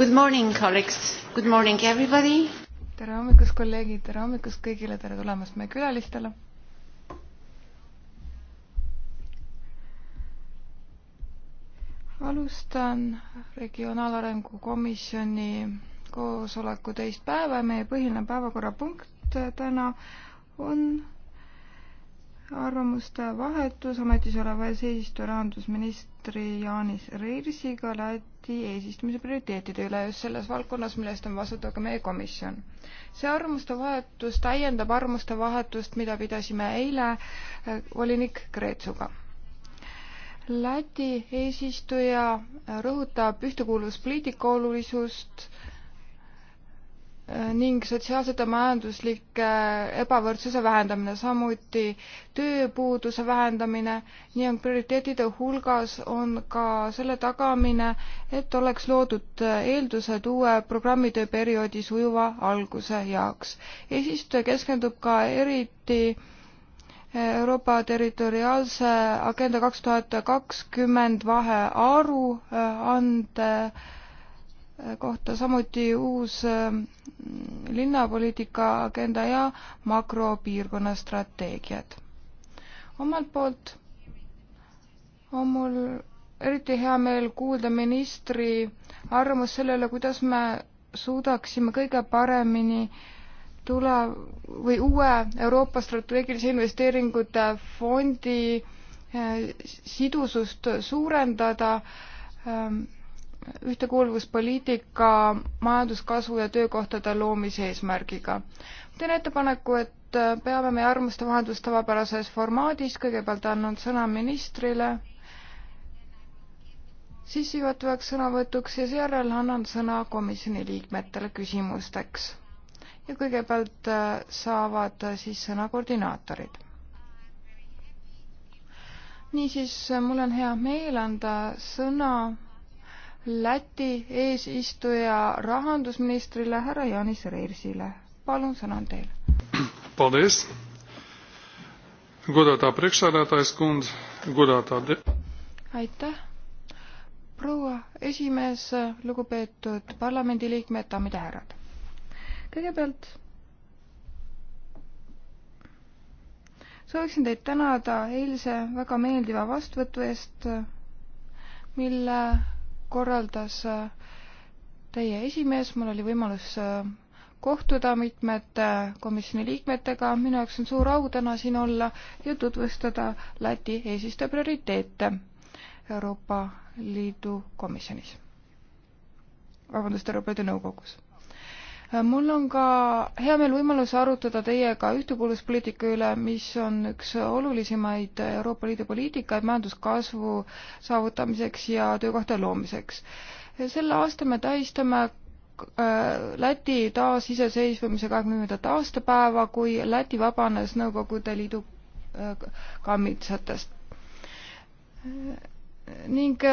Good morning, colleagues. Good morning, everybody. tere hommikust, kolleegid, tere hommikust kõigile, tere tulemast meie külalistele. alustan Regionaalarengu Komisjoni koosoleku teist päeva ja meie põhiline päevakorrapunkt täna on arvamuste vahetus ametis oleva eesistuja rahandusministri Jaanis Reirsiga Läti eesistumise prioriteetide üle just selles valdkonnas, millest on vastutav ka meie komisjon. see arvamuste vahetus täiendab arvamuste vahetust, mida pidasime eile eh, volinik Kreetsuga. Läti eesistuja rõhutab ühtekuuluvuspoliitika olulisust Äh, ning sotsiaalsete majanduslike äh, ebavõrdsuse vähendamine, samuti tööpuuduse vähendamine ning prioriteetide hulgas on ka selle tagamine, et oleks loodud äh, eeldused uue programmitöö perioodi sujuva alguse jaoks. eesistuja keskendub ka eriti Euroopa territoriaalse agenda kaks tuhat kakskümmend vahearu ande äh, kohta, samuti uus ähm, linnapoliitika agenda ja makropiirkonna strateegiad. omalt poolt on mul eriti hea meel kuulda ministri arvamust sellele, kuidas me suudaksime kõige paremini tule- või uue Euroopa strateegilise investeeringute fondi äh, sidusust suurendada ähm, ühtekuuluvuspoliitika majanduskasvu ja töökohtade loomise eesmärgiga. teen ettepaneku, et peame meie arvamuste vahendust tavapärases formaadis, kõigepealt annan sõna ministrile sissejuhatavaks sõnavõtuks ja seejärel annan sõna komisjoni liikmetele küsimusteks. ja kõigepealt äh, saavad siis sõna koordinaatorid. niisiis, mul on hea meel anda sõna Läti eesistuja rahandusministrile härra Janis Reirsile. palun, sõna on teil. aitäh, proua esimees, lugupeetud parlamendiliikmed, daamid ja härrad. kõigepealt sooviksin teid tänada eilse väga meeldiva vastuvõtu eest, mille korraldas äh, teie esimees, mul oli võimalus äh, kohtuda mitmete äh, komisjoni liikmetega, minu jaoks on suur au täna siin olla ja tutvustada Läti eesistuja prioriteete Euroopa Liidu komisjonis. vabandust, Euroopa Liidu Nõukogus Äh, mul on ka hea meel võimalus arutada teiega ühtekuuluvuspoliitika üle, mis on üks olulisemaid Euroopa Liidu poliitikaid majanduskasvu saavutamiseks ja töökohtade loomiseks. selle aasta me tähistame äh, Läti taasiseseisvumise kahekümnendat aastapäeva, kui Läti vabanes Nõukogude Liidu äh, kammitsatest. ning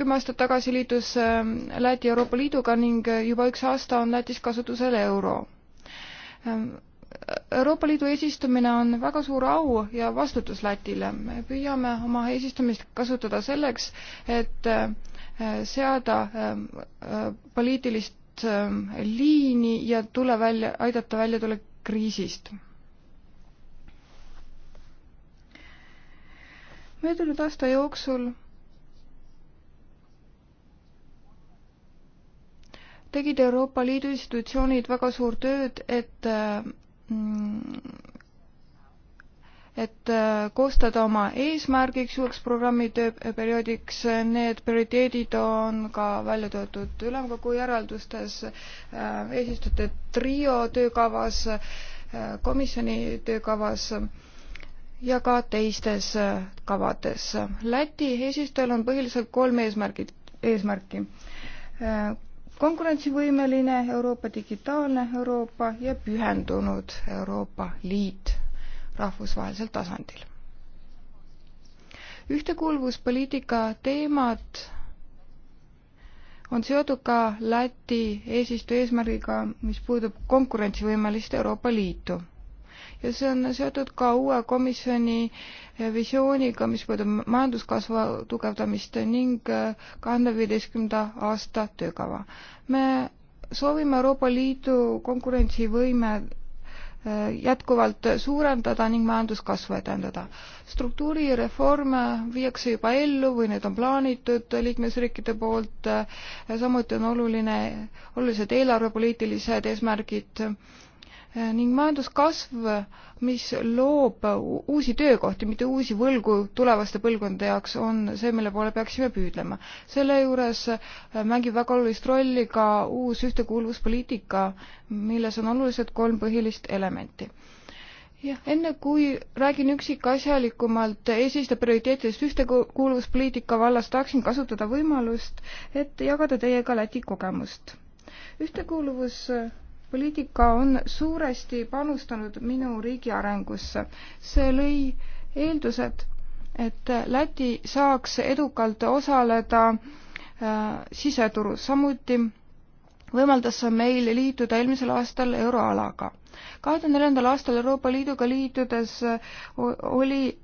kümme aastat tagasi liitus äh, Läti Euroopa Liiduga ning äh, juba üks aasta on Lätis kasutusel euro. Ähm, Euroopa Liidu eesistumine on väga suur au ja vastutus Lätile. me püüame oma eesistumist kasutada selleks, et äh, seada ähm, poliitilist ähm, liini ja tule välja, aidata välja tulla kriisist möödunud aasta jooksul tegid Euroopa Liidu institutsioonid väga suurt tööd, et mm, et äh, koostada oma eesmärgiks uueks programmi tööperioodiks, need prioriteedid on ka välja toodud ülemkogu järeldustes, äh, eesistujate trio töökavas, äh, komisjoni töökavas ja ka teistes kavades. Läti eesistujal on põhiliselt kolm eesmärgid, eesmärki konkurentsivõimeline Euroopa, digitaalne Euroopa ja pühendunud Euroopa Liit rahvusvahelisel tasandil. ühtekuuluvuspoliitika teemad on seotud ka Läti eesistuja eesmärgiga, mis puudub konkurentsivõimelist Euroopa Liitu ja see on seotud ka uue komisjoni visiooniga, mis puudutab majanduskasvu tugevdamist ning kahe tuhande viieteistkümnenda aasta töökava. me soovime Euroopa Liidu konkurentsivõime äh, jätkuvalt suurendada ning majanduskasvu edendada. struktuurireforme viiakse juba ellu või need on plaanitud liikmesriikide poolt, äh, samuti on oluline, olulised eelarvepoliitilised eesmärgid Eh, ning majanduskasv, mis loob uusi töökohti, mitte uusi võlgu tulevaste põlvkondade jaoks, on see, mille poole peaksime püüdlema. selle juures eh, mängib väga olulist rolli ka uus ühtekuuluvuspoliitika, milles on olulised kolm põhilist elementi jah, enne kui räägin üksikasjalikumalt eesiste prioriteetidest ühtekuuluvuspoliitika vallas, tahaksin kasutada võimalust, et jagada teiega Läti kogemust. ühtekuuluvus eh, poliitika on suuresti panustanud minu riigi arengusse. see lõi eeldused, et Läti saaks edukalt osaleda äh, siseturus, samuti võimaldas see meil liituda eelmisel aastal euroalaga. kahe tuhande neljandal aastal Euroopa Liiduga liitudes äh, oli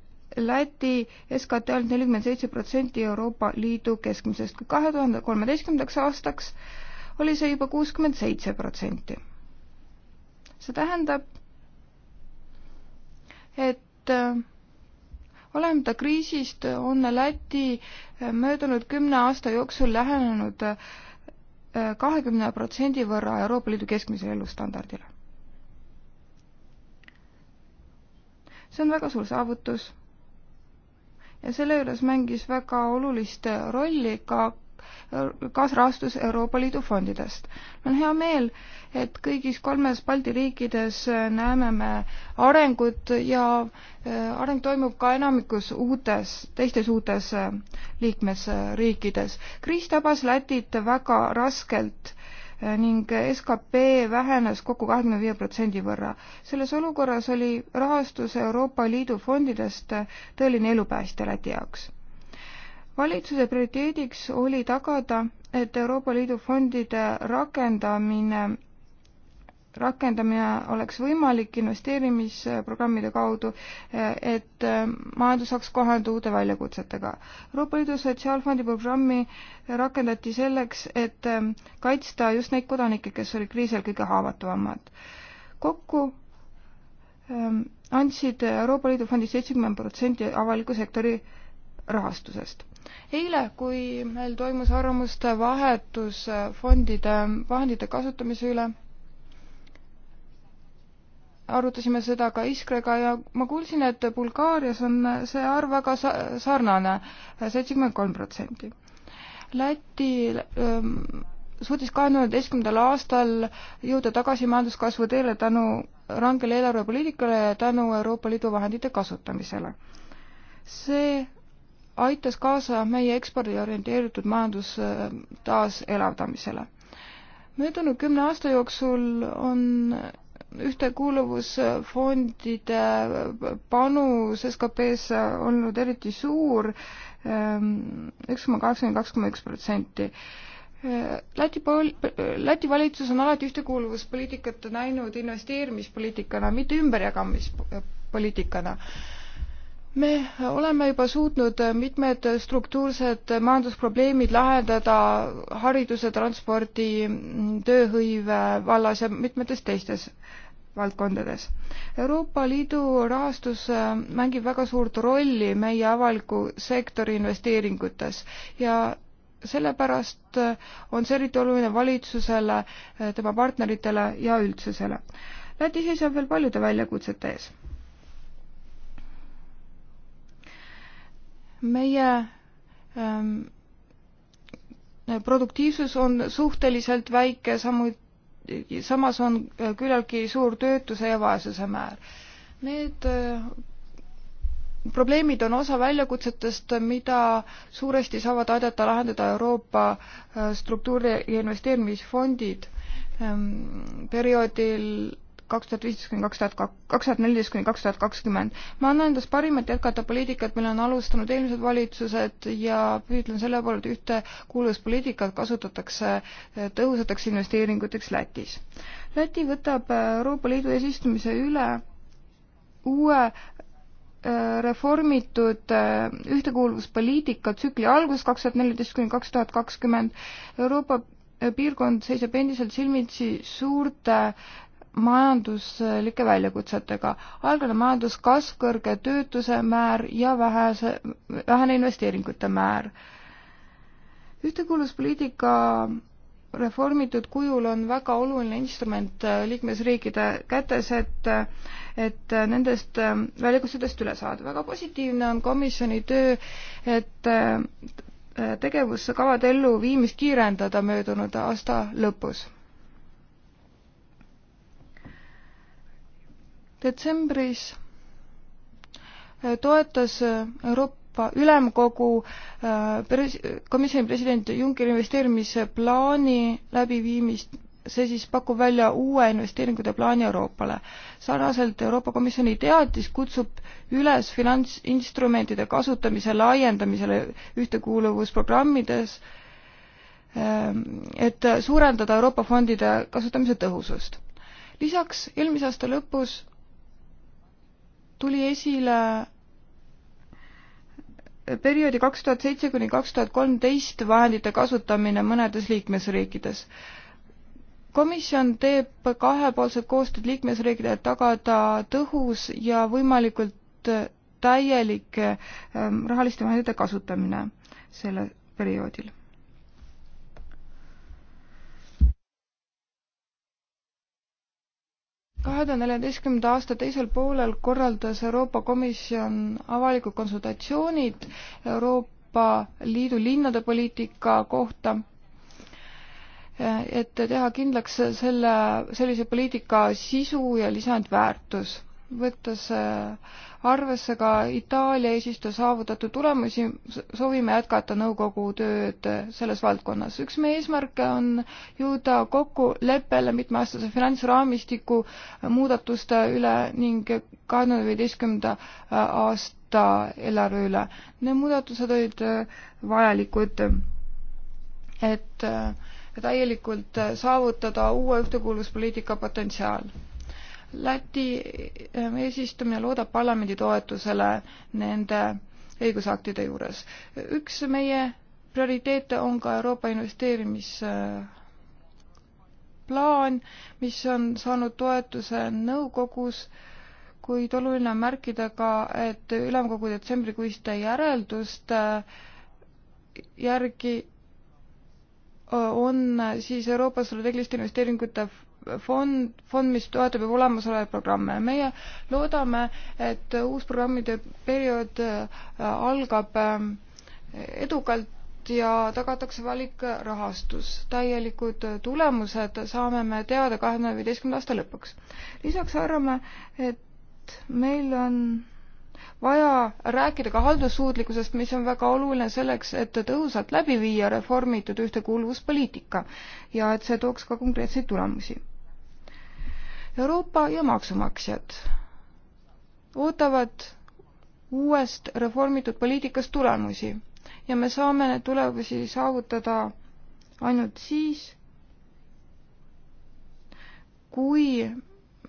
Läti SKT ainult nelikümmend seitse protsenti Euroopa Liidu keskmisest, kui kahe tuhande kolmeteistkümnendaks aastaks oli see juba kuuskümmend seitse protsenti see tähendab, et äh, olemata kriisist on Läti äh, möödunud kümne aasta jooksul lähenenud äh, kahekümne protsendi võrra Euroopa Liidu keskmisele elustandardile. see on väga suur saavutus ja selle juures mängis väga olulist rolli ka kaasrahastus Euroopa Liidu fondidest. mul on hea meel, et kõigis kolmes Balti riikides äh, näeme me arengut ja äh, areng toimub ka enamikus uutes, teistes uutes äh, liikmesriikides. kriis tabas Lätit väga raskelt ning skp vähenes kokku kahekümne viie protsendi võrra. selles olukorras oli rahastus Euroopa Liidu fondidest tõeline elupäästja Läti jaoks valitsuse prioriteediks oli tagada, et Euroopa Liidu fondide rakendamine, rakendamine oleks võimalik investeerimisprogrammide kaudu, et majandus saaks kohaneda uute väljakutsetega. Euroopa Liidu Sotsiaalfondi programmi rakendati selleks, et kaitsta just neid kodanikke, kes olid kriisil kõige haavatavamad. kokku ähm, andsid Euroopa Liidu fondist seitsekümmend protsenti avaliku sektori rahastusest. eile, kui meil toimus arvamuste vahetus äh, fondide vahendite kasutamise üle, arutasime seda ka Iskrega ja ma kuulsin, et Bulgaarias on see arv väga sa-, sarnane, seitsekümmend kolm protsenti. Läti ähm, suutis kahe tuhande üheteistkümnendal aastal jõuda tagasi majanduskasvu teele tänu rangele eelarvepoliitikale ja tänu Euroopa Liidu vahendite kasutamisele. see aitas kaasa meie ekspordi orienteeritud majanduse äh, taaselavdamisele. möödunud kümne aasta jooksul on ühtekuuluvusfondide panus SKP-sse olnud eriti suur, ähm, üks koma kaheksakümmend kaks koma üks protsenti. Äh, Läti pool, Läti valitsus on alati ühtekuuluvuspoliitikat näinud investeerimispoliitikana, mitte ümberjagamispoliitikana me oleme juba suutnud mitmed struktuursed majandusprobleemid lahendada hariduse, transpordi, tööhõive vallas ja mitmetes teistes valdkondades. Euroopa Liidu rahastus mängib väga suurt rolli meie avaliku sektori investeeringutes ja sellepärast on see eriti oluline valitsusele, tema partneritele ja üldsusele. Läti seisab veel paljude väljakutsete ees meie ähm, produktiivsus on suhteliselt väike, samuti, samas on äh, küllaltki suur töötuse ja vaesuse määr. Need äh, probleemid on osa väljakutsetest, mida suuresti saavad aidata lahendada Euroopa äh, struktuuri- ja investeerimisfondid. Ähm, perioodil kaks tuhat viisteist kuni kaks tuhat kaks tuhat neliteist kuni kaks tuhat kakskümmend. ma annan endast parima, et jätkata poliitikat, mille on alustanud eelmised valitsused ja püüdlen selle poole, et ühtekuuluvuspoliitikat kasutatakse eh, tõhusateks investeeringuteks Lätis. Läti võtab eh, Euroopa Liidu eesistumise üle uue eh, reformitud ühtekuuluvuspoliitika tsükli algus kaks tuhat neliteist kuni kaks tuhat kakskümmend. Euroopa piirkond seisab endiselt silmitsi suurte majanduslike väljakutsetega. aeglane majanduskasv, kõrge töötuse määr ja vähese, vähene investeeringute määr. ühtekuuluvuspoliitika reformitud kujul on väga oluline instrument äh, liikmesriikide kätes, et, et nendest äh, väljakutsetest üle saada. väga positiivne on komisjoni töö, et äh, tegevuskavade elluviimist kiirendada möödunud aasta lõpus detsembris äh, toetas äh, Euroopa Ülemkogu äh, pres-, komisjoni president Junckeri investeerimisplaani läbiviimist, see siis pakub välja uue investeeringute plaani Euroopale. sarnaselt Euroopa Komisjoni teatis kutsub üles finantsinstrumentide kasutamise laiendamisele ühtekuuluvusprogrammides, ähm, et suurendada Euroopa fondide kasutamise tõhusust. lisaks eelmise aasta lõpus tuli esile perioodi kaks tuhat seitse kuni kaks tuhat kolmteist vahendite kasutamine mõnedes liikmesriikides. komisjon teeb kahepoolset koostööd liikmesriikidele, et tagada tõhus ja võimalikult täielik ähm, rahaliste vahendite kasutamine sellel perioodil kahe tuhande neljateistkümnenda aasta teisel poolel korraldas Euroopa Komisjon avalikud konsultatsioonid Euroopa Liidu linnade poliitika kohta, et teha kindlaks selle, sellise poliitika sisu ja lisandväärtus võttes äh, arvesse ka Itaalia eesistuja saavutatud tulemusi, soovime jätkata nõukogu tööd äh, selles valdkonnas. üks meie eesmärke on jõuda kokkuleppele mitmeaastase finantsraamistiku äh, muudatuste üle ning kahe tuhande viieteistkümnenda aasta eelarve üle. Need muudatused olid vajalikud, et täielikult saavutada uue ühtekuuluvuspoliitika potentsiaal Läti eh, eesistumine loodab parlamendi toetusele nende õigusaktide juures. üks meie prioriteete on ka Euroopa investeerimisplaan, mis on saanud toetuse nõukogus kuid oluline on märkida ka, et ülemkogu detsembrikuiste järelduste eh, järgi eh, on siis Euroopa strateegiliste investeeringute fond, fond, mis toetab juba olemasolevaid programme. meie loodame, et uus programmide periood äh, algab äh, edukalt ja tagatakse valikrahastus. täielikud tulemused saame me teada kahe tuhande viieteistkümnenda aasta lõpuks. lisaks arvame, et meil on vaja rääkida ka haldussuutlikkusest, mis on väga oluline selleks, et tõhusalt läbi viia reformitud ühtekuuluvuspoliitika ja et see tooks ka konkreetseid tulemusi Euroopa ja maksumaksjad ootavad uuest reformitud poliitikast tulemusi ja me saame need tulemusi saavutada ainult siis, kui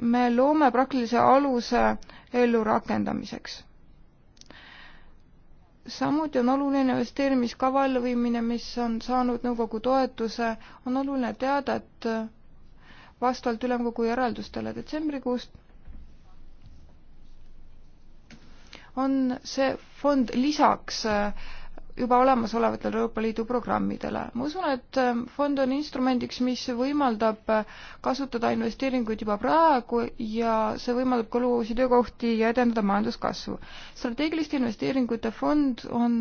me loome praktilise aluse ellurakendamiseks. samuti on oluline investeerimiskava elluviimine, mis on saanud nõukogu toetuse, on oluline teada, et vastavalt ülemkogu järeldustele detsembrikuust on see fond lisaks äh, juba olemasolevatele Euroopa Liidu programmidele. ma usun, et äh, fond on instrumendiks, mis võimaldab äh, kasutada investeeringuid juba praegu ja see võimaldab ka luua uusi töökohti ja edendada majanduskasvu. strateegiliste investeeringute fond on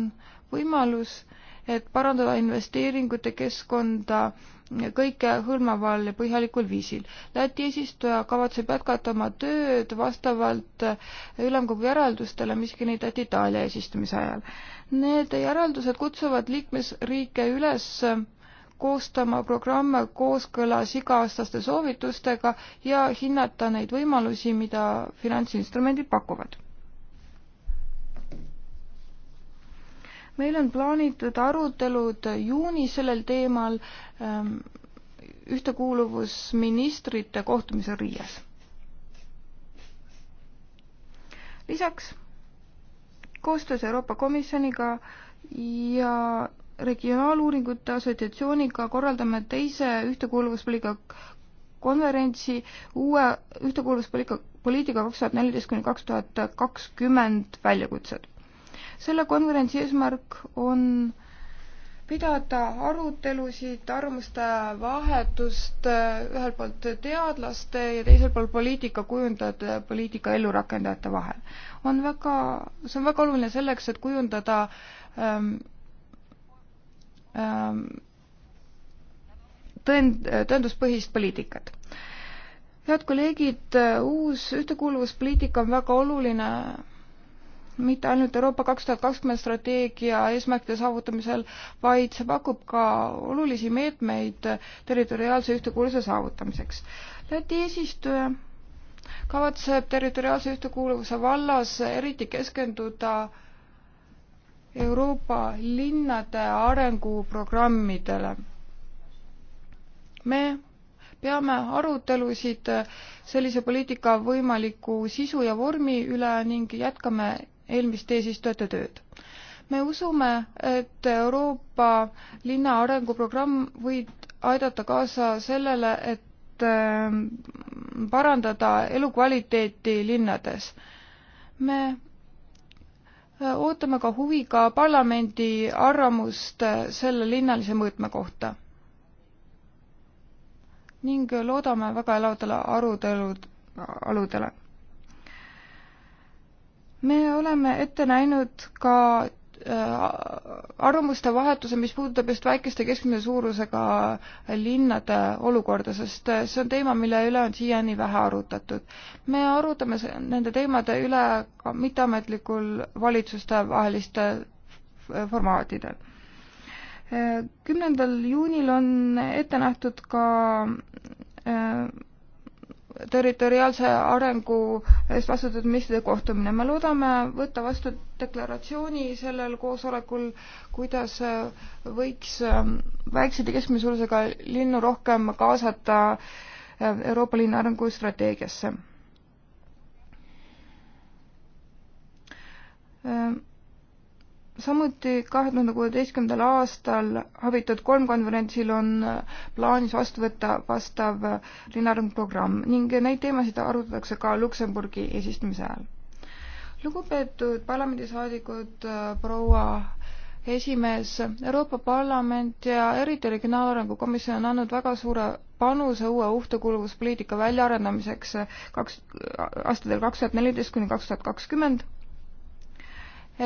võimalus, et parandada investeeringute keskkonda äh, kõikehõlmaval ja põhjalikul viisil. Läti eesistuja kavatseb jätkata oma tööd vastavalt ülemkogu järeldustele, mis kinnitati Itaalia eesistumise ajal. Need järeldused kutsuvad liikmesriike üles koostama programme kooskõlas iga-aastaste soovitustega ja hinnata neid võimalusi, mida finantsinstrumendid pakuvad meil on plaanitud arutelud juunis sellel teemal ähm, ühtekuuluvusministrite kohtumisel Riias. lisaks koostöös Euroopa Komisjoniga ja regionaaluuringute assotsiatsiooniga korraldame teise ühtekuuluvuspoliitika konverentsi uue ühtekuuluvuspoliitika poliitika kaks tuhat neliteist kuni kaks tuhat kakskümmend väljakutsed selle konverentsi eesmärk on pidada arutelusid, arvamuste vahetust eh, ühelt poolt teadlaste ja teiselt poolt poliitikakujundajate ja poliitika ellurakendajate vahel. on väga, see on väga oluline selleks, et kujundada ähm, ähm, tõend, tõenduspõhist poliitikat head kolleegid, eh, uus ühtekuuluvuspoliitika on väga oluline mitte ainult Euroopa kaks tuhat kakskümmend strateegia eesmärkide saavutamisel, vaid see pakub ka olulisi meetmeid territoriaalse ühtekuuluvuse saavutamiseks. Läti eesistuja kavatseb territoriaalse ühtekuuluvuse vallas eriti keskenduda Euroopa linnade arenguprogrammidele. me peame arutelusid sellise poliitika võimaliku sisu ja vormi üle ning jätkame eelmist eesistujate tööd. me usume, et Euroopa linna arenguprogramm võib aidata kaasa sellele, et ähm, parandada elukvaliteeti linnades. me äh, ootame ka huviga parlamendi arvamust äh, selle linnalise mõõtme kohta ning loodame väga elavatele arutelud, aludele me oleme ette näinud ka äh, arvamuste vahetuse, mis puudutab just väikeste keskmise suurusega linnade olukorda, sest äh, see on teema, mille üle on siiani vähe arutatud. me arutame nende teemade üle ka mitteametlikul valitsustevahelistel formaatidel. Äh, kümnendal juunil on ette nähtud ka territoriaalse arengu eest vastutatud ministrite kohtumine. me loodame võtta vastu deklaratsiooni sellel koosolekul, kuidas võiks ähm, väikseid ja keskmise suurusega linnu rohkem kaasata ähm, Euroopa linna arengustrateegiasse ähm, samuti kahe tuhande kuueteistkümnendal aastal Habitat kolm konverentsil on äh, plaanis vastu võtta vastav äh, linnarenguprogramm ning neid teemasid arutatakse ka Luksemburgi eesistumise ajal. lugupeetud parlamendisaadikud, äh, proua esimees, Euroopa Parlament ja eriti Regionaalarengu Komisjon on andnud väga suure panuse uue ühtekuuluvuspoliitika väljaarendamiseks kaks, aastatel kaks tuhat neliteist kuni kaks tuhat kakskümmend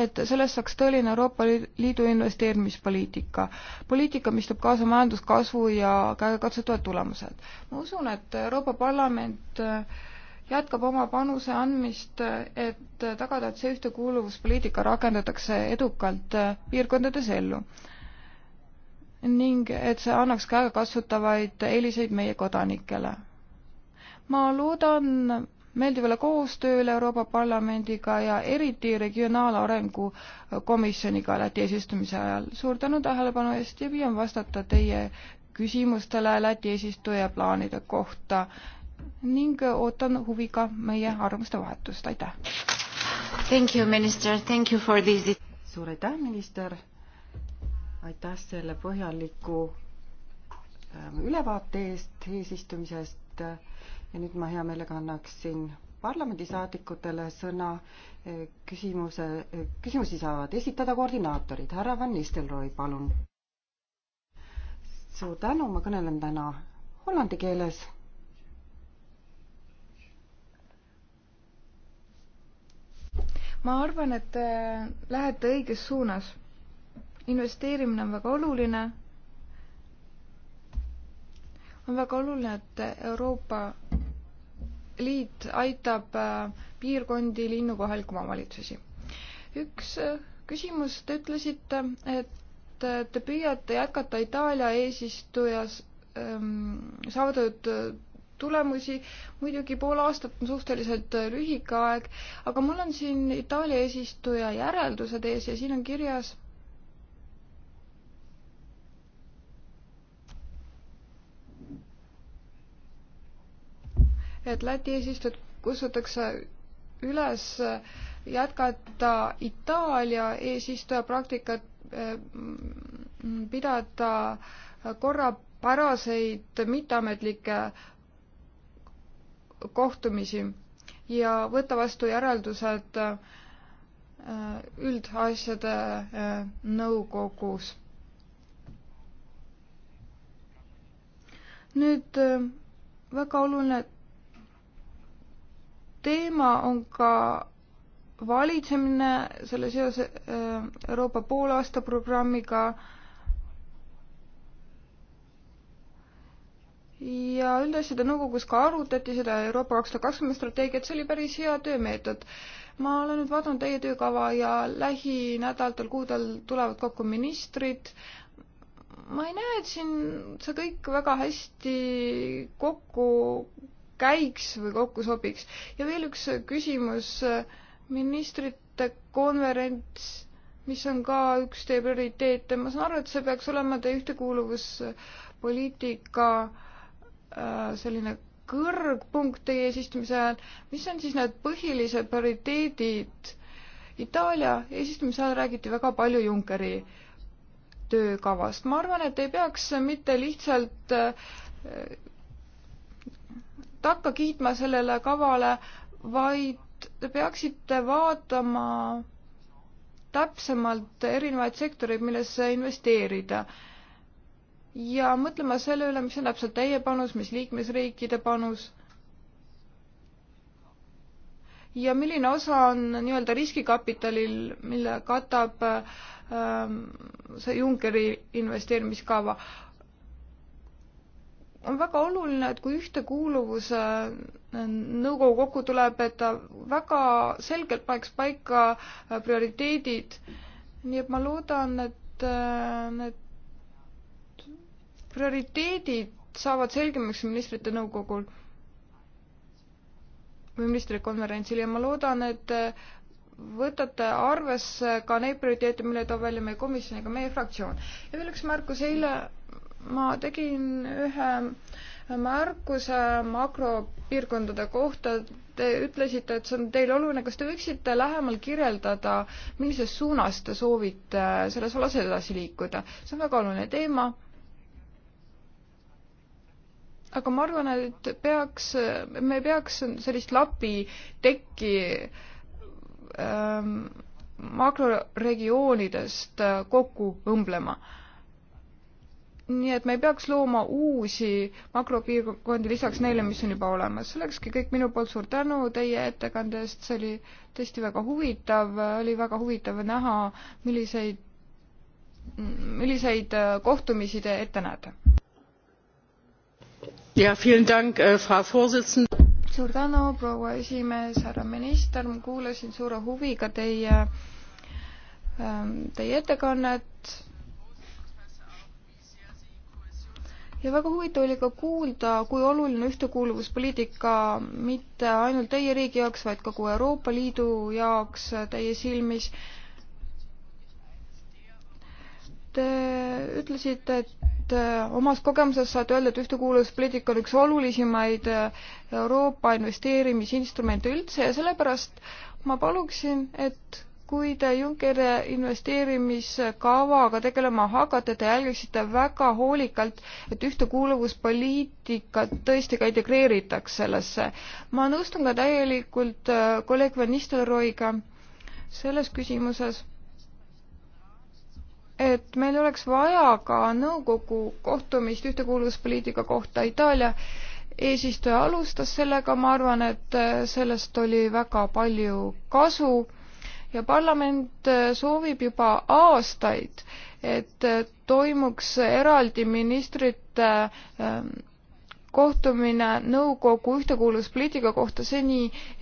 et sellest saaks tõeline Euroopa Liidu investeerimispoliitika. poliitika, mis toob kaasa majanduskasvu ja käegakatsutavad tulemused. ma usun, et Euroopa Parlament äh, jätkab oma panuse andmist, äh, et tagada, et see ühtekuuluvuspoliitika rakendatakse edukalt äh, piirkondades ellu. ning et see annaks käegakatsutavaid eeliseid meie kodanikele. ma loodan meeldivale koostööle Euroopa Parlamendiga ja eriti Regionaalarengu Komisjoniga Läti eesistumise ajal. suur tänu tähelepanu eest ja püüan vastata teie küsimustele Läti eesistuja plaanide kohta ning ootan huviga meie arvamuste vahetust, aitäh! Thank you, minister, thank you for this suur aitäh, minister! aitäh selle põhjaliku ähm, ülevaate eest eesistumisest et ja nüüd ma hea meelega annaksin parlamendisaadikutele sõna. Eh, küsimuse, eh, küsimusi saavad esitada koordinaatorid. härra Van Nistelrooy, palun. suur tänu, ma kõnelen täna hollandi keeles. ma arvan, et te eh, lähete õiges suunas. investeerimine on väga oluline on väga oluline, et Euroopa Liit aitab äh, piirkondi, linnu, kohalikke omavalitsusi. üks äh, küsimus, te ütlesite, et äh, te püüate jätkata Itaalia eesistujas ähm, saavutatud tulemusi, muidugi pool aastat on suhteliselt lühike aeg, aga mul on siin Itaalia eesistuja järeldused ees ja siin on kirjas et Läti eesistujat kutsutakse üles jätkata Itaalia eesistuja praktikat, eh, pidada korrapäraseid mitteametlikke kohtumisi ja võtta vastu järeldused eh, üldasjade eh, nõukogus. nüüd väga oluline teema on ka valitsemine selle seose äh, Euroopa poolaasta programmiga ja üldasjade nõukogus ka arutati seda Euroopa kaks tuhat kakskümmend strateegiat, see oli päris hea töömeetod. ma olen nüüd vaadanud teie töökava ja lähinädalatel, kuudel tulevad kokku ministrid. ma ei näe, et siin see kõik väga hästi kokku käiks või kokku sobiks. ja veel üks küsimus, ministrite konverents, mis on ka üks teie prioriteete, ma saan aru, et see peaks olema teie ühtekuuluvuspoliitika äh, selline kõrgpunkt teie eesistumise ajal, mis on siis need põhilised prioriteedid? Itaalia eesistumise ajal räägiti väga palju Junckeri töökavast, ma arvan, et ei peaks mitte lihtsalt äh, hakka kiitma sellele kavale, vaid te peaksite vaatama täpsemalt erinevaid sektoreid, millesse investeerida. ja mõtlema selle üle, mis on täpselt teie panus, mis liikmesriikide panus ja milline osa on nii-öelda riskikapitalil, mille katab ähm, see Junckeri investeerimiskava on väga oluline, et kui ühtekuuluvuse nõukogu kokku tuleb, et ta väga selgelt paneks paika äh, prioriteedid. nii et ma loodan, et äh, need prioriteedid saavad selgemaks ministrite nõukogul või ministrikonverentsil ja ma loodan, et äh, võtate arvesse ka neid prioriteete, mille toob välja meie komisjon ja ka meie fraktsioon. ja veel üks märkus, eile ma tegin ühe märkuse makropiirkondade kohta. Te ütlesite, et see on teile oluline, kas te võiksite lähemalt kirjeldada, millises suunas te soovite selles vallas edasi liikuda? see on väga oluline teema. aga ma arvan, et peaks, me ei peaks sellist lapi tekki ähm, makroregioonidest kokku õmblema äh, nii et me ei peaks looma uusi makropiirkondi lisaks neile, mis on juba olemas. see olekski kõik minu poolt, suur tänu teie ettekande eest, see oli tõesti väga huvitav, oli väga huvitav näha, milliseid, milliseid äh, kohtumisi te ette näete. ja, äh, suur tänu, proua esimees, härra minister, ma kuulasin suure huviga teie, ähm, teie ettekannet ja väga huvitav oli ka kuulda, kui oluline ühtekuuluvuspoliitika mitte ainult teie riigi jaoks, vaid kogu Euroopa Liidu jaoks teie silmis. Te ütlesite, et omast kogemusest saate öelda, et ühtekuuluvuspoliitika on üks olulisemaid Euroopa investeerimisinstrumente üldse ja sellepärast ma paluksin, et kui te Junckeri investeerimiskavaga tegelema hakkate, te jälgiksite väga hoolikalt, et ühtekuuluvuspoliitikat tõesti ka integreeritaks sellesse. ma nõustun ka täielikult äh, kolleeg Van Nistelrooiga selles küsimuses, et meil oleks vaja ka nõukogu kohtumist ühtekuuluvuspoliitika kohta Itaalia eesistuja alustas sellega, ma arvan, et äh, sellest oli väga palju kasu ja parlament äh, soovib juba aastaid, et äh, toimuks eraldi ministrite ähm, kohtumine nõukogu ühtekuuluvuspoliitika kohta seni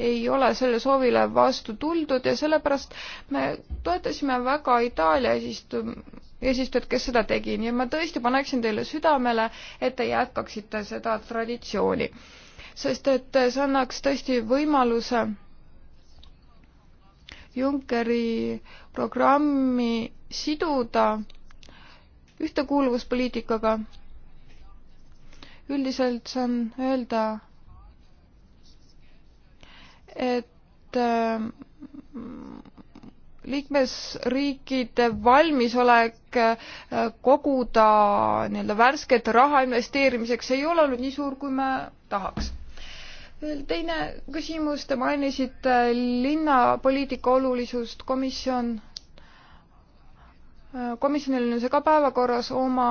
ei ole selle soovile vastu tuldud ja sellepärast me toetasime väga Itaalia eesistu-, eesistujat, kes seda tegi, nii et ma tõesti paneksin teile südamele, et te jätkaksite seda traditsiooni. sest et see annaks tõesti võimaluse Junckeri programmi siduda ühtekuuluvuspoliitikaga. üldiselt saan öelda, et äh, liikmesriikide valmisolek äh, koguda nii-öelda värsket raha investeerimiseks ei ole olnud nii suur, kui me tahaks veel teine küsimus, te mainisite linnapoliitika olulisust, komisjon, äh, komisjonil on see ka päevakorras oma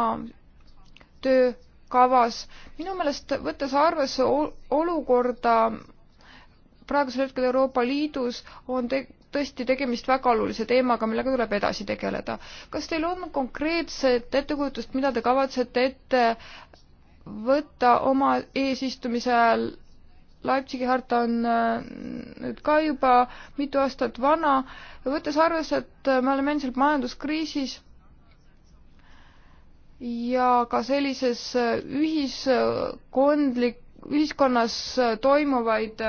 töökavas. minu meelest, võttes arvesse olukorda praegusel hetkel Euroopa Liidus, on te-, tõesti tegemist väga olulise teemaga, millega tuleb edasi tegeleda. kas teil on konkreetset ettekujutust, mida te kavatsete ette võtta oma eesistumise ajal Leipzigi harta on äh, nüüd ka juba mitu aastat vana ja võttes arvesse, et äh, me oleme endiselt majanduskriisis ja ka sellises äh, ühiskondlik, ühiskonnas toimuvaid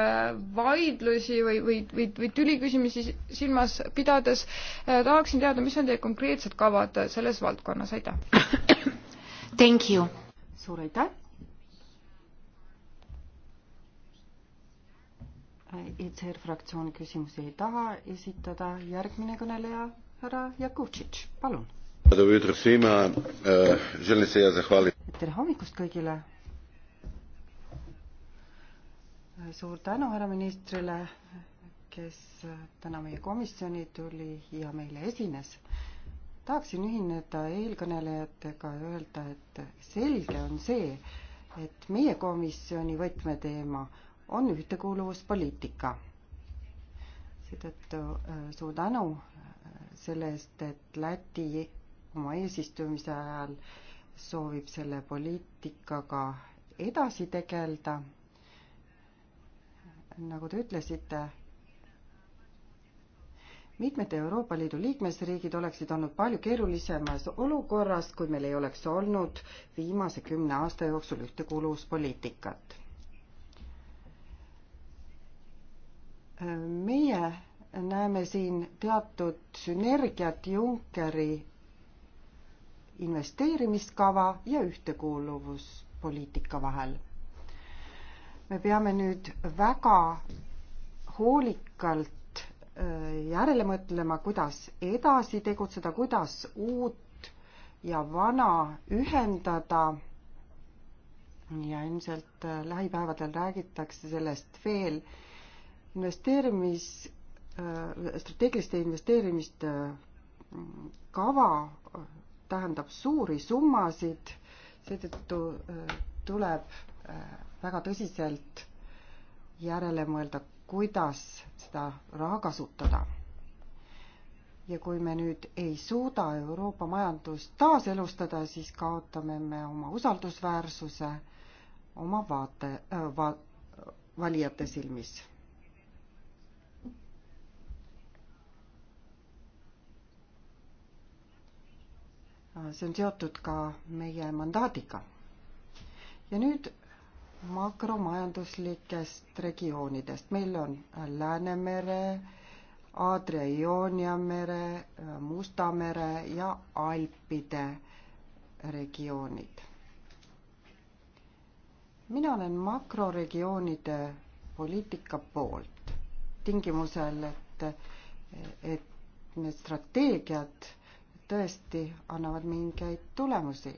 vaidlusi või, või, või, või tüliküsimusi silmas pidades tahaksin teada, mis on teie konkreetsed kavad selles valdkonnas, aitäh! Thank you! suur aitäh! ECR fraktsioon küsimusi ei taha esitada. järgmine kõneleja, härra Jakutšitš, palun. Äh, tere hommikust kõigile. suur tänu härra ministrile, kes täna meie komisjoni tuli ja meile esines tahaksin ühineda eelkõnelejatega ja öelda, et selge on see, et meie komisjoni võtmeteema on ühtekuuluvuspoliitika. seetõttu äh, suur tänu äh, selle eest, et Läti oma eesistumise ajal soovib selle poliitikaga edasi tegeleda. nagu te ütlesite, mitmed Euroopa Liidu liikmesriigid oleksid olnud palju keerulisemas olukorras, kui meil ei oleks olnud viimase kümne aasta jooksul ühtekuuluvuspoliitikat meie näeme siin teatud sünergiat Junckeri investeerimiskava ja ühtekuuluvuspoliitika vahel. me peame nüüd väga hoolikalt äh, järele mõtlema, kuidas edasi tegutseda, kuidas uut ja vana ühendada. ja ilmselt äh, lähipäevadel räägitakse sellest veel investeerimis, äh, strateegiliste investeerimiste mm, kava äh, tähendab suuri summasid, seetõttu äh, tuleb väga tõsiselt järele mõelda, kuidas seda raha kasutada. ja kui me nüüd ei suuda Euroopa majandust taaselustada, siis kaotame me oma usaldusväärsuse oma vaate va,, valijate silmis see on seotud ka meie mandaadiga. ja nüüd makromajanduslikest regioonidest. meil on Läänemere, Aadria-Ioonia mere, Musta mere ja Alpide regioonid. mina olen makroregioonide poliitika poolt tingimusel, et, et need strateegiad tõesti annavad mingeid tulemusi.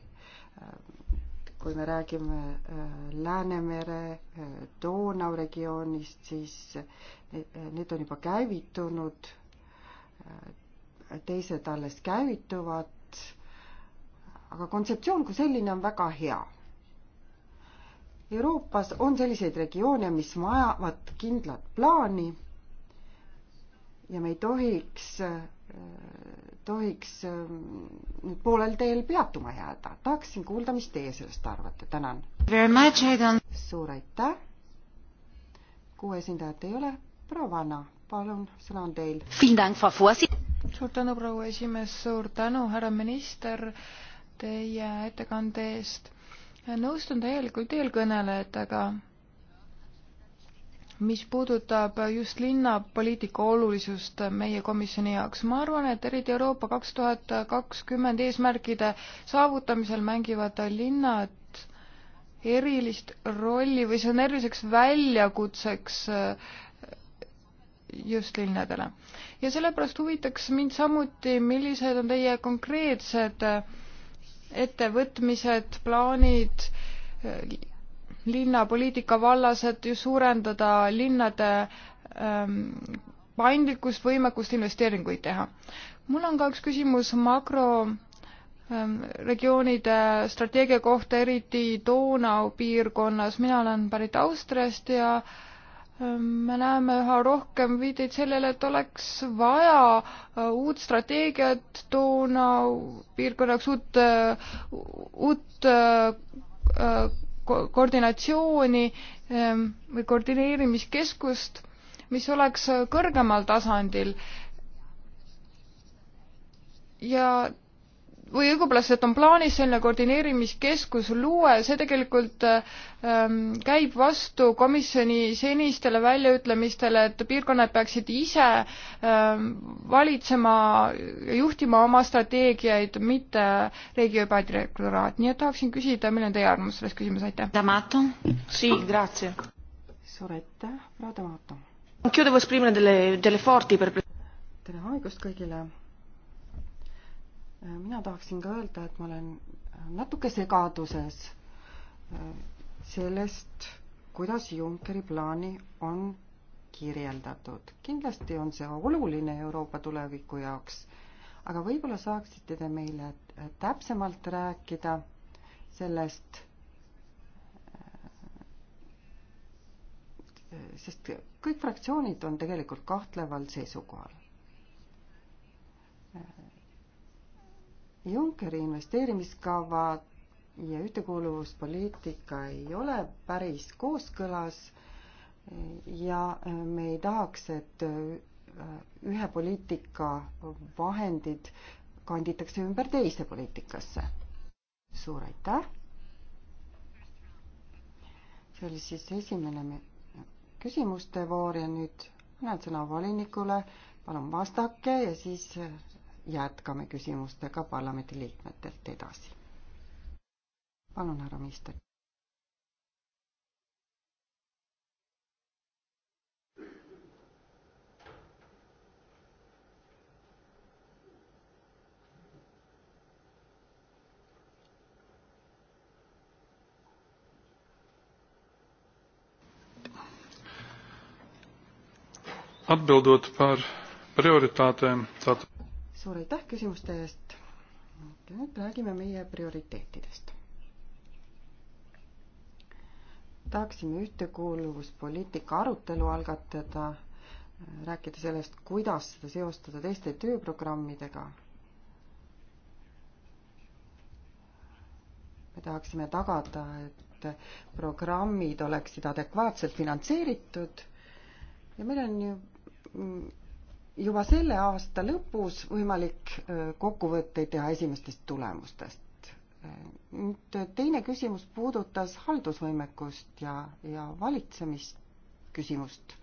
kui me räägime äh, Läänemere, äh, Donau regioonist, siis äh, need on juba käivitunud, teised alles käivituvad, aga kontseptsioon kui selline on väga hea Euroopas on selliseid regioone, mis vajavad kindlat plaani ja me ei tohiks tohiks ähm, nüüd poolel teel peatuma jääda. tahaksin kuulda, mis teie sellest arvate, tänan. suur aitäh. kuue esindajat ei ole. proua Anna, palun, sõna on teil. suur tänu, proua esimees, suur tänu, härra minister, teie ettekande eest. nõustun täielikult eelkõnelejatega et mis puudutab just linnapoliitika olulisust meie komisjoni jaoks, ma arvan, et eriti Euroopa kaks tuhat kakskümmend eesmärkide saavutamisel mängivad linnad erilist rolli või see on eriliseks väljakutseks äh, just linnadele. ja sellepärast huvitaks mind samuti, millised on teie konkreetsed äh, ettevõtmised, plaanid äh, linnapoliitika vallas, et suurendada linnade ähm, paindlikkust, võimekust investeeringuid teha. mul on ka üks küsimus makro ähm, regioonide strateegia kohta, eriti Donau piirkonnas. mina olen pärit Austriast ja ähm, me näeme üha rohkem viiteid sellele, et oleks vaja äh, uut strateegiat Donau piirkonnaks, uut, äh, uut äh, ko koordinatsiooni ehm, või koordineerimiskeskust, mis oleks kõrgemal tasandil ja või õigupoolest, et on plaanis selline koordineerimiskeskus luua ja see tegelikult ähm, käib vastu komisjoni senistele väljaütlemistele, et piirkonnad peaksid ise ähm, valitsema ja juhtima oma strateegiaid, mitte riigi ebadirektoraat. nii et tahaksin küsida, milline on teie arvamus selles küsimuses, aitäh. Damato, si, grazie. suur aitäh, proua Damato. tere hommikust kõigile mina tahaksin ka öelda, et ma olen natuke segaduses äh, sellest, kuidas Junckeri plaani on kirjeldatud. kindlasti on see oluline Euroopa tuleviku jaoks, aga võib-olla saaksite te meile äh, täpsemalt rääkida sellest, äh, sest kõik fraktsioonid on tegelikult kahtleval seisukohal. Junckeri investeerimiskava ja ühtekuuluvuspoliitika ei ole päris kooskõlas ja me ei tahaks, et äh, ühe poliitika vahendid kanditakse ümber teise poliitikasse. suur aitäh! see oli siis esimene küsimuste voor ja nüüd annan sõna volinikule, palun vastake ja siis äh, jätkame küsimustega parlamendiliikmetelt edasi. palun, härra minister. atbildot par prioritātēm tātad suur aitäh küsimuste eest. nüüd räägime meie prioriteetidest. tahaksime ühtekuuluvuspoliitika arutelu algatada, rääkida sellest, kuidas seda seostada teiste tööprogrammidega. me tahaksime tagada, et programmid oleksid adekvaatselt finantseeritud ja meil on ju juba selle aasta lõpus võimalik kokkuvõtteid teha esimestest tulemustest. nüüd teine küsimus puudutas haldusvõimekust ja, ja valitsemisküsimust.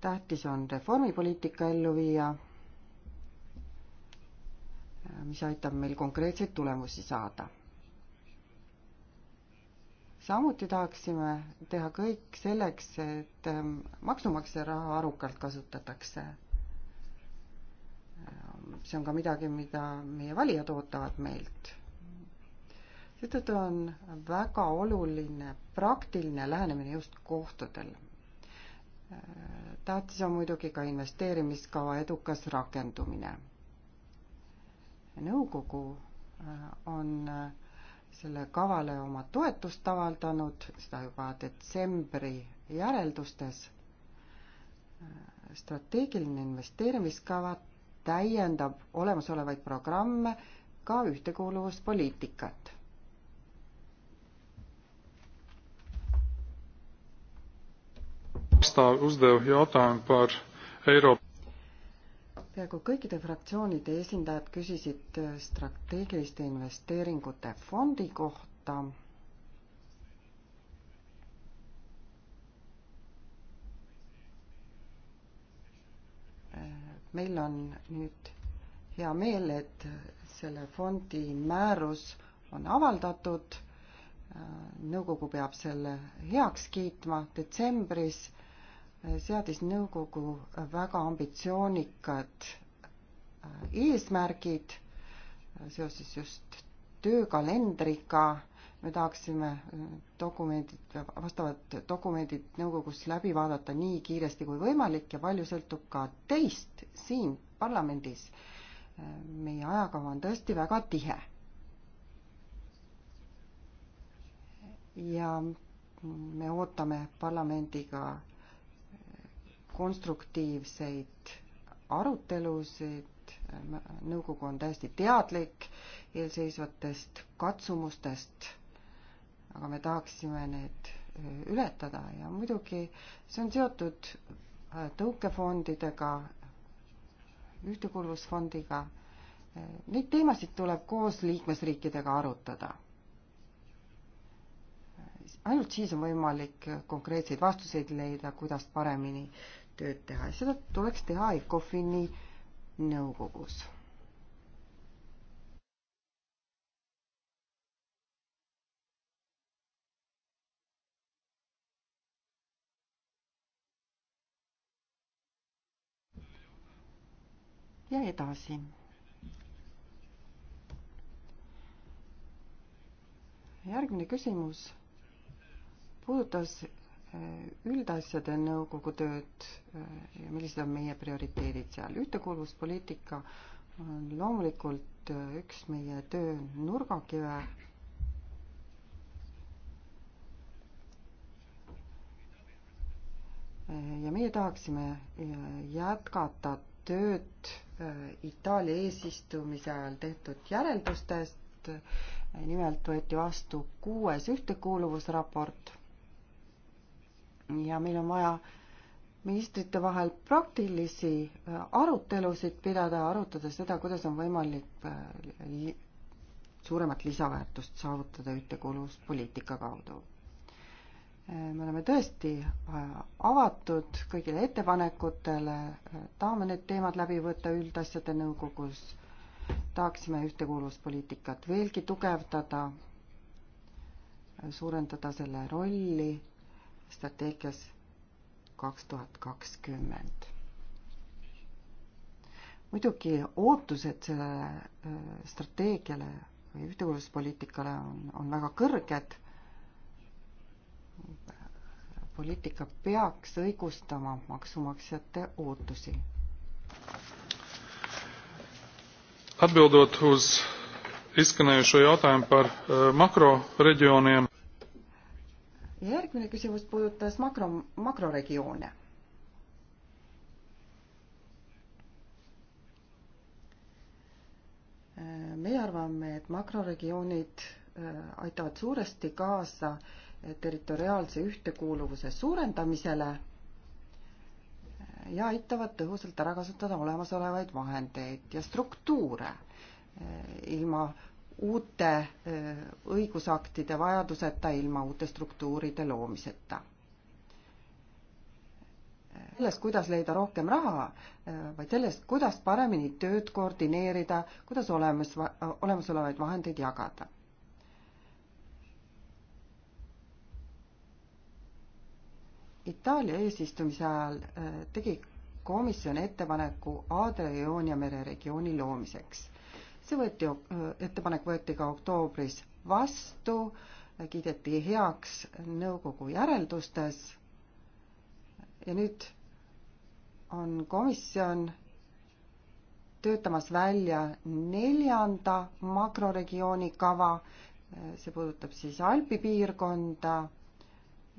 tähtis on reformipoliitika ellu viia, mis aitab meil konkreetseid tulemusi saada. samuti tahaksime teha kõik selleks, et maksumaksja raha arukalt kasutatakse see on ka midagi, mida meie valijad ootavad meilt. seetõttu on väga oluline praktiline lähenemine just kohtadel. tähtis on muidugi ka investeerimiskava edukas rakendumine. nõukogu äh, on äh, selle kavale oma toetust avaldanud, seda juba detsembri järeldustes. Äh, strateegiline investeerimiskava täiendab olemasolevaid programme, ka ühtekuuluvuspoliitikat. peaaegu kõikide fraktsioonide esindajad küsisid äh, strateegiliste investeeringute fondi kohta meil on nüüd hea meel, et selle fondi määrus on avaldatud. nõukogu peab selle heaks kiitma detsembris. seadis nõukogu väga ambitsioonikad äh, eesmärgid seoses just töökalendriga me tahaksime äh, dokumendid, vastavad dokumendid nõukogus läbi vaadata nii kiiresti kui võimalik ja palju sõltub ka teist siin parlamendis. Äh, meie ajakava on tõesti väga tihe. ja me ootame parlamendiga äh, konstruktiivseid arutelusid, nõukogu on täiesti teadlik eelseisvatest katsumustest aga me tahaksime need äh, ületada ja muidugi see on seotud äh, tõukefondidega, ühtekuuluvusfondiga. Äh, neid teemasid tuleb koos liikmesriikidega arutada. ainult siis on võimalik konkreetseid vastuseid leida, kuidas paremini tööd teha ja seda tuleks teha ECOFIN-i nõukogus ja edasi. järgmine küsimus puudutas äh, üldasjade nõukogu tööd äh, ja millised on meie prioriteedid seal. ühtekuuluvuspoliitika on loomulikult äh, üks meie töö nurgakive ja meie tahaksime jätkata tööd äh, Itaalia eesistumise ajal tehtud järeldustest. nimelt võeti vastu kuues ühtekuuluvusraport. ja meil on vaja ministrite vahel praktilisi äh, arutelusid pidada, arutada seda, kuidas on võimalik äh, suuremat lisaväärtust saavutada ühtekuuluvuspoliitika kaudu me oleme tõesti äh, avatud kõigile ettepanekutele, äh, tahame need teemad läbi võtta üldasjade nõukogus, tahaksime ühtekuuluvuspoliitikat veelgi tugevdada, äh, suurendada selle rolli strateegias kaks tuhat kakskümmend. muidugi ootused sellele strateegiale või ühtekuuluvuspoliitikale on, on väga kõrged poliitika peaks õigustama maksumaksjate ootusi. Atbildot uz izskanējušo jautājumu par e, makroreģioniem. järgmine küsimus puudutas makro, makroregioone. E, meie arvame, et makroregioonid e, aitavad suuresti kaasa äh, territoriaalse ühtekuuluvuse suurendamisele ja aitavad tõhusalt ära kasutada olemasolevaid vahendeid ja struktuure eh, ilma uute eh, õigusaktide vajaduseta, ilma uute struktuuride loomiseta. sellest, kuidas leida rohkem raha, eh, vaid sellest, kuidas paremini tööd koordineerida, kuidas olemas, olemasolevaid vahendeid jagada Itaalia eesistumise ajal äh, tegi komisjon ettepaneku Adria-Joonia mere regiooni loomiseks. see võeti, äh, ettepanek võeti ka oktoobris vastu, äh, kiideti heaks nõukogu järeldustes ja nüüd on komisjon töötamas välja neljanda makroregiooni kava, see puudutab siis Alpi piirkonda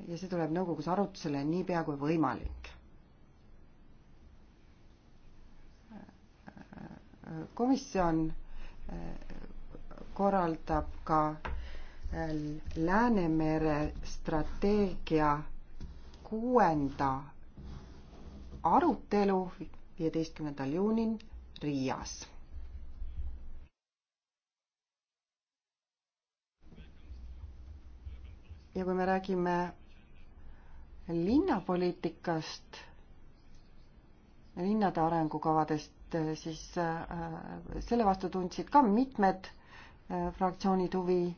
ja see tuleb nõukogus arutusele niipea kui võimalik. komisjon äh, korraldab ka äh, Läänemere strateegia kuuenda arutelu viieteistkümnendal juunil Riias ja kui me räägime linnapoliitikast, linnade arengukavadest, äh, siis äh, selle vastu tundsid ka mitmed äh, fraktsioonid huvi.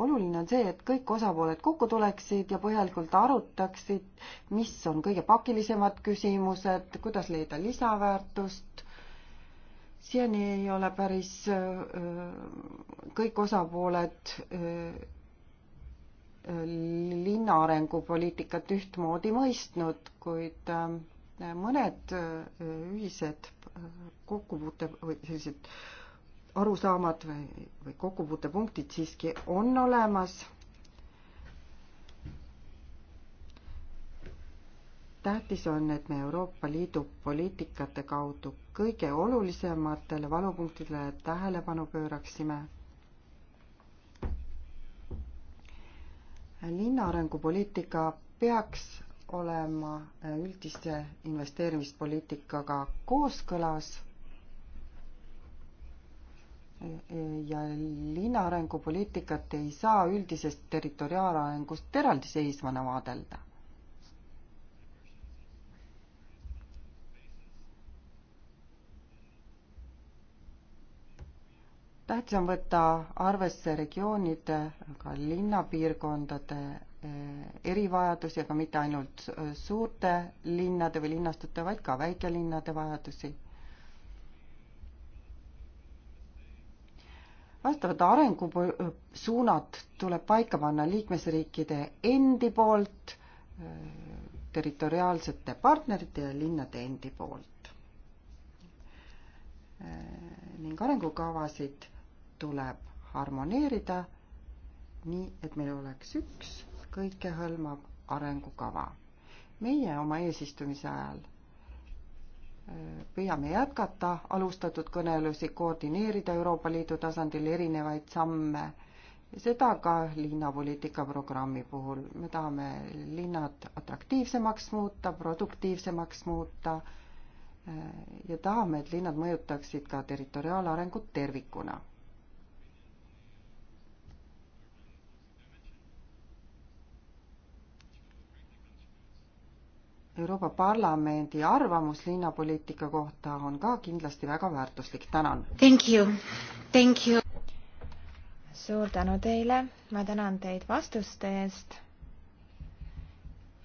oluline on see, et kõik osapooled kokku tuleksid ja põhjalikult arutaksid, mis on kõige pakilisemad küsimused, kuidas leida lisaväärtust siiani ei ole päris kõik osapooled linna arengupoliitikat ühtmoodi mõistnud, kuid äh, mõned äh, ühised äh, kokkupuute või sellised arusaamad või, või kokkupuutepunktid siiski on olemas. tähtis on, et me Euroopa Liidu poliitikate kaudu kõige olulisematele valupunktidele tähelepanu pööraksime linnaarengupoliitika peaks olema üldise investeerimispoliitikaga kooskõlas ja linnaarengupoliitikat ei saa üldisest territoriaalarengust eraldiseisvana vaadelda. tähtis on võtta arvesse regioonide, ka linnapiirkondade eh, erivajadusi, aga mitte ainult eh, suurte linnade või linnastute, vaid ka väikelinnade vajadusi. vastavad arengusuunad tuleb paika panna liikmesriikide endi poolt, eh, territoriaalsete partnerite ja linnade endi poolt ning arengukavasid tuleb harmoneerida nii, et meil oleks üks kõikehõlmav arengukava. meie oma eesistumise ajal äh, püüame jätkata alustatud kõnelusi, koordineerida Euroopa Liidu tasandil erinevaid samme, seda ka linnapoliitika programmi puhul. me tahame linnad atraktiivsemaks muuta, produktiivsemaks muuta äh, ja tahame, et linnad mõjutaksid ka territoriaalarengut tervikuna Euroopa Parlamendi arvamus linnapoliitika kohta on ka kindlasti väga väärtuslik. tänan! Thank you, thank you! suur tänu teile, ma tänan teid vastuste eest.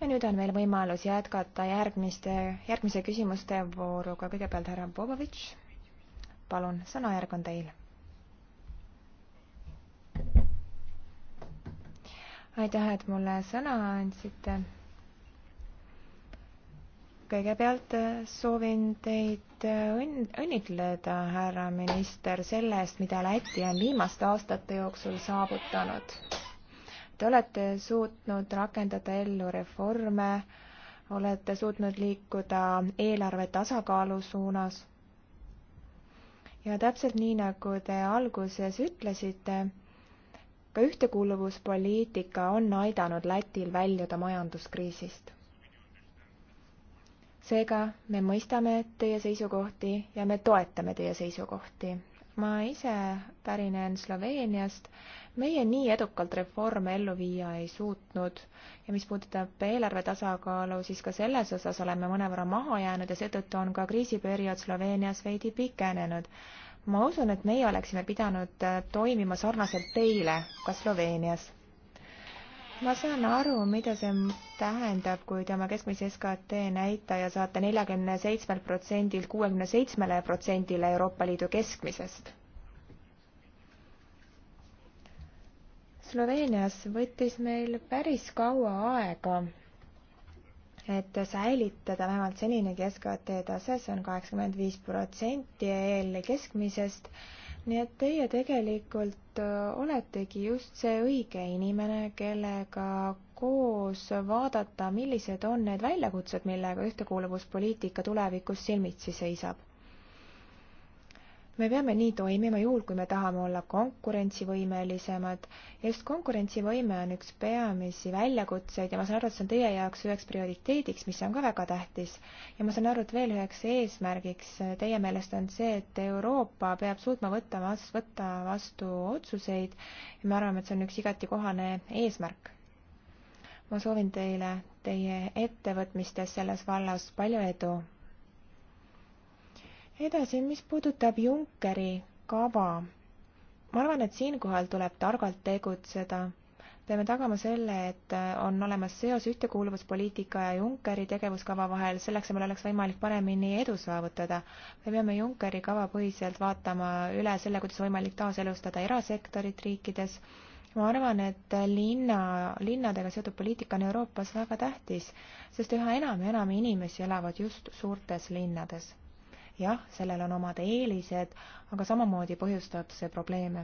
ja nüüd on meil võimalus jätkata järgmiste, järgmise küsimuste vooruga. kõigepealt härra Bobovitš, palun, sõnajärg on teil. aitäh, et mulle sõna andsite kõigepealt äh, soovin teid äh, õnn-, õnnitleda, härra minister, selle eest, mida Läti on viimaste aastate jooksul saavutanud. Te olete suutnud rakendada ellu reforme, olete suutnud liikuda eelarve tasakaalu suunas. ja täpselt nii, nagu te alguses ütlesite, ka ühtekuuluvuspoliitika on aidanud Lätil väljuda majanduskriisist seega me mõistame teie seisukohti ja me toetame teie seisukohti. ma ise pärinen Sloveeniast. meie nii edukalt reforme ellu viia ei suutnud ja mis puudutab eelarve tasakaalu, siis ka selles osas oleme mõnevõrra maha jäänud ja seetõttu on ka kriisiperiood Sloveenias veidi pikenenud. ma usun, et meie oleksime pidanud eh, toimima sarnaselt teile ka Sloveenias ma saan aru, mida see tähendab, kui te oma keskmise SKT näitaja saate neljakümne seitsmelt protsendilt kuuekümne seitsmele protsendile Euroopa Liidu keskmisest. Sloveenias võttis meil päris kaua aega, et säilitada vähemalt seninegi SKT tase, see on kaheksakümmend viis protsenti EL-i keskmisest nii et teie tegelikult äh, oletegi just see õige inimene, kellega koos vaadata, millised on need väljakutsed, millega ühtekuuluvuspoliitika tulevikus silmitsi seisab me peame nii toimima juhul, kui me tahame olla konkurentsivõimelisemad. just konkurentsivõime on üks peamisi väljakutseid ja ma saan aru, et see on teie jaoks üheks prioriteediks, mis on ka väga tähtis. ja ma saan aru, et veel üheks eesmärgiks teie meelest on see, et Euroopa peab suutma võtta, võtta vastu otsuseid ja me arvame, et see on üks igati kohane eesmärk. ma soovin teile teie ettevõtmistes selles vallas palju edu edasi, mis puudutab Junckeri kava, ma arvan, et siinkohal tuleb targalt tegutseda. peame tagama selle, et äh, on olemas seos ühtekuuluvuspoliitika ja Junckeri tegevuskava vahel, selleks et meil oleks võimalik paremini edu saavutada. me peame Junckeri kava põhiselt vaatama üle selle, kuidas võimalik taaselustada erasektorit riikides ma arvan, et linna, linnadega seotud poliitika on Euroopas väga tähtis, sest üha enam ja enam inimesi elavad just suurtes linnades jah, sellel on omad eelised, aga samamoodi põhjustab see probleeme.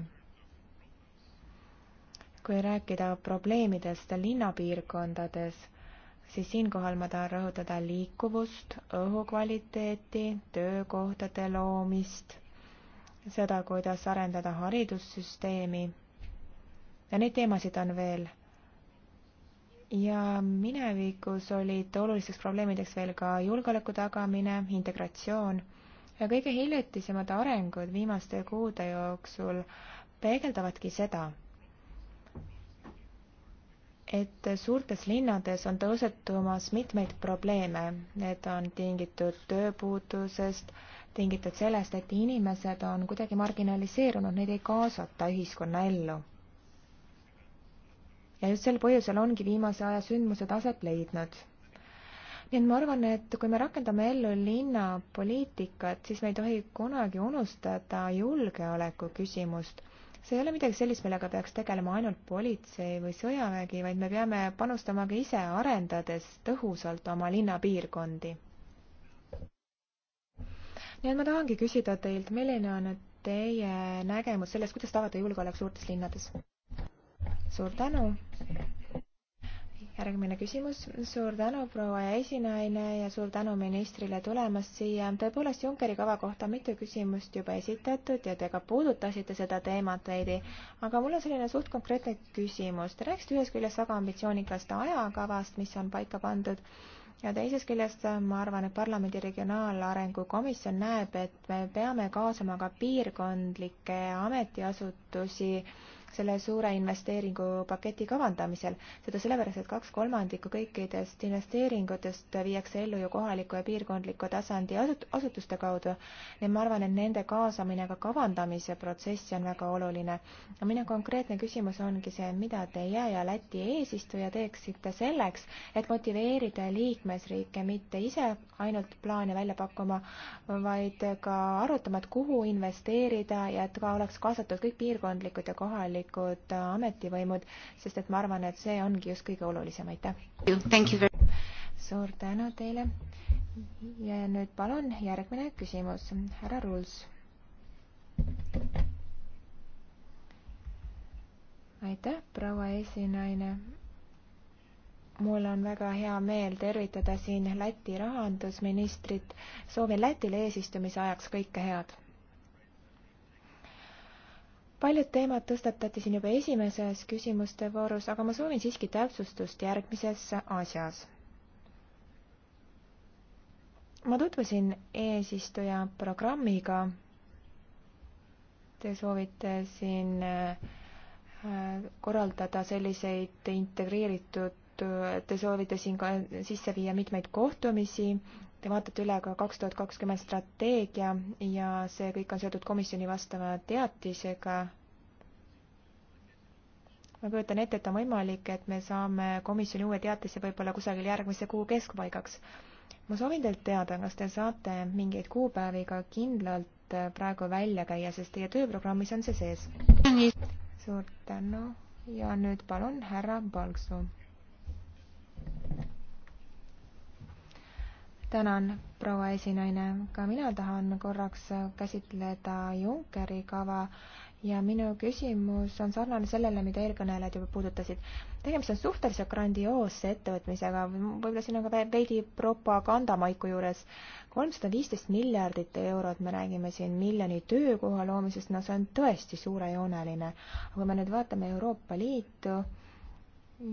kui rääkida probleemidest linnapiirkondades, siis siinkohal ma tahan rõhutada liikuvust, õhukvaliteeti, töökohtade loomist, seda, kuidas arendada haridussüsteemi ja neid teemasid on veel ja minevikus olid oluliseks probleemideks veel ka julgeoleku tagamine, integratsioon kõige hiljutisemad arengud viimaste kuude jooksul peegeldavadki seda, et suurtes linnades on tõusetumas mitmeid probleeme. Need on tingitud tööpuudusest, tingitud sellest, et inimesed on kuidagi marginaliseerunud, neid ei kaasata ühiskonnaellu. ja just sel põhjusel ongi viimase aja sündmused aset leidnud nii et ma arvan, et kui me rakendame ellu linnapoliitikat, siis me ei tohi kunagi unustada julgeoleku küsimust. see ei ole midagi sellist, millega peaks tegelema ainult politsei või sõjavägi, vaid me peame panustama ka ise, arendades tõhusalt oma linnapiirkondi. nii et ma tahangi küsida teilt, milline on nüüd teie nägemus sellest, kuidas tagada julgeolek suurtes linnades? suur tänu! järgmine küsimus. suur tänu, proua esinaine ja suur tänu ministrile tulemast siia. tõepoolest Junckeri kava kohta mitu küsimust juba esitatud ja te ka puudutasite seda teemat veidi, aga mul on selline suht konkreetne küsimus. Te rääkisite ühest küljest väga ambitsioonikast ajakavast, mis on paika pandud ja teisest küljest ma arvan, et parlamendi regionaalarengu komisjon näeb, et me peame kaasama ka piirkondlikke ametiasutusi selle suure investeeringupaketi kavandamisel. seda sellepärast, et kaks kolmandikku kõikidest investeeringutest viiakse ellu ju kohaliku ja piirkondliku tasandi asut-, asutuste kaudu ja ma arvan, et nende kaasamine ka kavandamise protsessi on väga oluline. minu konkreetne küsimus ongi see, mida teie ja Läti eesistuja teeksite selleks, et motiveerida liikmesriike mitte ise ainult plaane välja pakkuma, vaid ka arutama, et kuhu investeerida ja et ka oleks kaasatud kõik piirkondlikud ja kohalikud kohalikud äh, ametivõimud, sest et ma arvan, et see ongi just kõige olulisem, aitäh! suur tänu teile! ja nüüd palun järgmine küsimus, härra Ruls. aitäh, proua esinaine mul on väga hea meel tervitada siin Läti rahandusministrit. soovin Lätile eesistumise ajaks kõike head paljud teemad tõstatati siin juba esimeses küsimuste voorus, aga ma soovin siiski täpsustust järgmises asjas. ma tutvusin eesistuja programmiga. Te soovite siin äh, korraldada selliseid integreeritud, te soovite siin ka sisse viia mitmeid kohtumisi Te vaatate üle ka kaks tuhat kakskümmend strateegia ja see kõik on seotud komisjoni vastava teatisega. ma kujutan ette, et on võimalik, et me saame komisjoni uue teatise võib-olla kusagil järgmise kuu keskpaigaks. ma soovin teilt teada, kas te saate mingeid kuupäevi ka kindlalt praegu välja käia, sest teie tööprogrammis on see sees. suur tänu ja nüüd palun härra Palksu tänan, proua esinaine, ka mina tahan korraks käsitleda Junckeri kava ja minu küsimus on sarnane sellele, mida eelkõnelejad juba puudutasid. tegemist on suhteliselt grandioosse ettevõtmisega, võib-olla siin on ka veidi propaganda maiku juures. kolmsada viisteist miljardit eurot, me räägime siin miljoni töökoha loomisest, no see on tõesti suurejooneline. kui me nüüd vaatame Euroopa Liitu,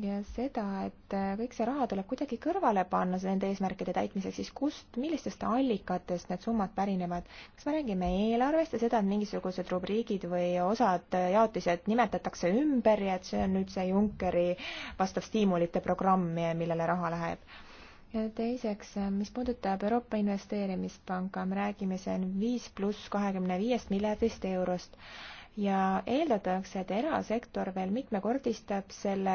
ja seda, et äh, kõik see raha tuleb kuidagi kõrvale panna nende eesmärkide täitmiseks, siis kust, millistest allikatest need summad pärinevad? kas me räägime eelarvest ja seda, et mingisugused rubriigid või osad, äh, jaotised nimetatakse ümber ja et see on nüüd see Junckeri vastav stiimulite programm, millele raha läheb? ja teiseks, äh, mis puudutab Euroopa Investeerimispanka, me räägime, see on viis pluss kahekümne viiest miljardist eurost ja eeldatakse, et erasektor veel mitmekordistab selle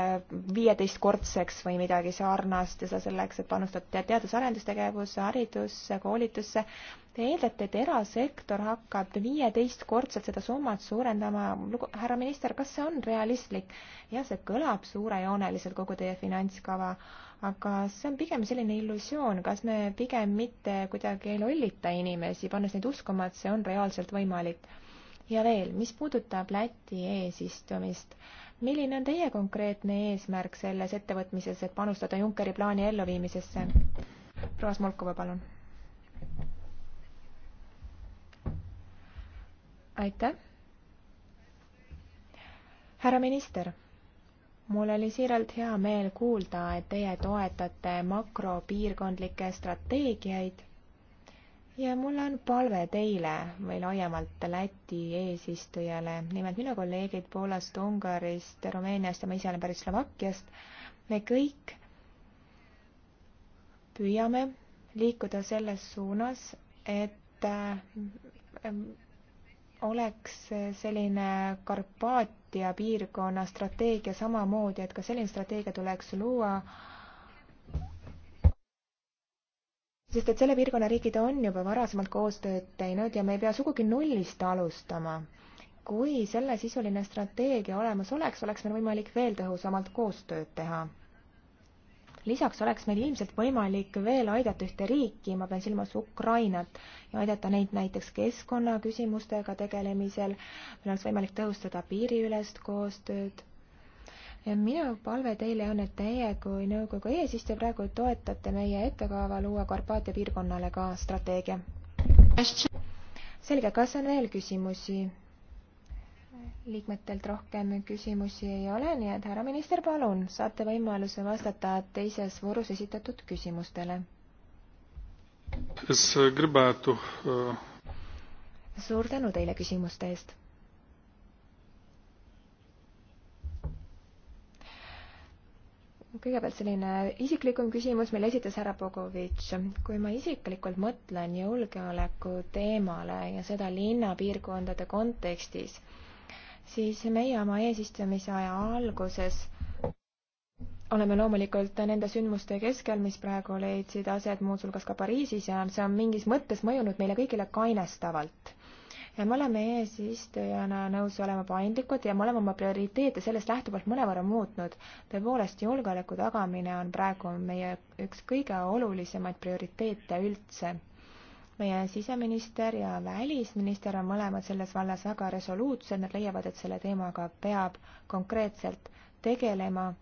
viieteistkordseks või midagi sarnast ja seda selleks, et panustada teadus-arendustegevusse, haridusse, koolitusse. Te eeldate, et erasektor hakkab viieteistkordselt seda summat suurendama. härra minister, kas see on realistlik? jah, see kõlab suurejooneliselt, kogu teie finantskava, aga see on pigem selline illusioon. kas me pigem mitte kuidagi ei lollita inimesi, pannes neid uskuma, et see on reaalselt võimalik? ja veel, mis puudutab Läti eesistumist, milline on teie konkreetne eesmärk selles ettevõtmises, et panustada Junckeri plaani elluviimisesse? proua Smolkova, palun. aitäh. härra minister, mul oli siiralt hea meel kuulda, et teie toetate makropiirkondlikke strateegiaid ja mul on palve teile või laiemalt Läti eesistujale, nimelt minu kolleegid Poolast, Ungarist, Rumeeniast ja ma ise olen pärit Slovakkiast, me kõik püüame liikuda selles suunas, et äh, ähm, oleks selline Karpaatia piirkonna strateegia samamoodi, et ka selline strateegia tuleks luua äh, sest et selle piirkonna riigid on juba varasemalt koostööd teinud ja me ei pea sugugi nullist alustama. kui sellesisuline strateegia olemas oleks, oleks meil võimalik veel tõhusamalt koostööd teha. lisaks oleks meil ilmselt võimalik veel aidata ühte riiki, ma pean silmas Ukrainat, ja aidata neid näiteks keskkonnaküsimustega tegelemisel, meil oleks võimalik tõhustada piiriülest koostööd minu palve teile on, et teie kui nõukogu eesistuja praegu toetate meie ettekava luua Karpaatia piirkonnale ka strateegia. selge, kas on veel küsimusi? liikmetelt rohkem küsimusi ei ole, nii et härra minister, palun, saate võimaluse vastata teises voorus esitatud küsimustele. Eh, eh, suur tänu teile küsimuste eest kõigepealt selline isiklikum küsimus, mille esitas härra Bogovitš. kui ma isiklikult mõtlen julgeoleku teemale ja seda linnapiirkondade kontekstis, siis meie oma eesistumise aja alguses oleme loomulikult nende sündmuste keskel, mis praegu leidsid aset muuseas ka Pariisis ja see on mingis mõttes mõjunud meile kõigile kainestavalt me oleme eesistujana nõus olema paindlikud ja me oleme oma prioriteete sellest lähtuvalt mõnevõrra muutnud. tõepoolest, julgeoleku tagamine on praegu meie üks kõige olulisemaid prioriteete üldse meie siseminister ja välisminister on mõlemad selles vallas väga resoluutsed, nad leiavad, et selle teemaga peab konkreetselt tegelema.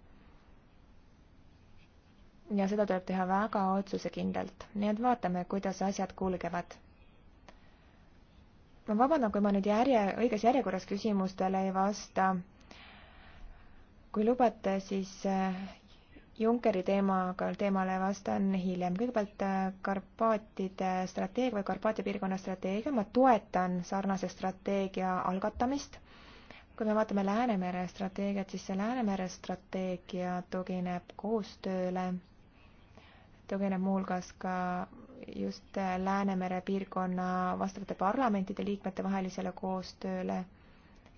ja seda tuleb teha väga otsusekindlalt, nii et vaatame, kuidas asjad kulgevad ma vabandan, kui ma nüüd järje, õiges järjekorras küsimustele ei vasta. kui lubate, siis äh, Junckeri teemaga, teemale vastan hiljem. kõigepealt äh, Karpaatide strateegia või Karpaatia piirkonna strateegia, ma toetan sarnase strateegia algatamist. kui me vaatame Läänemere strateegiat, siis see Läänemere strateegia tugineb koostööle, tugineb muuhulgas ka just äh, Läänemere piirkonna vastavate parlamentide liikmete vahelisele koostööle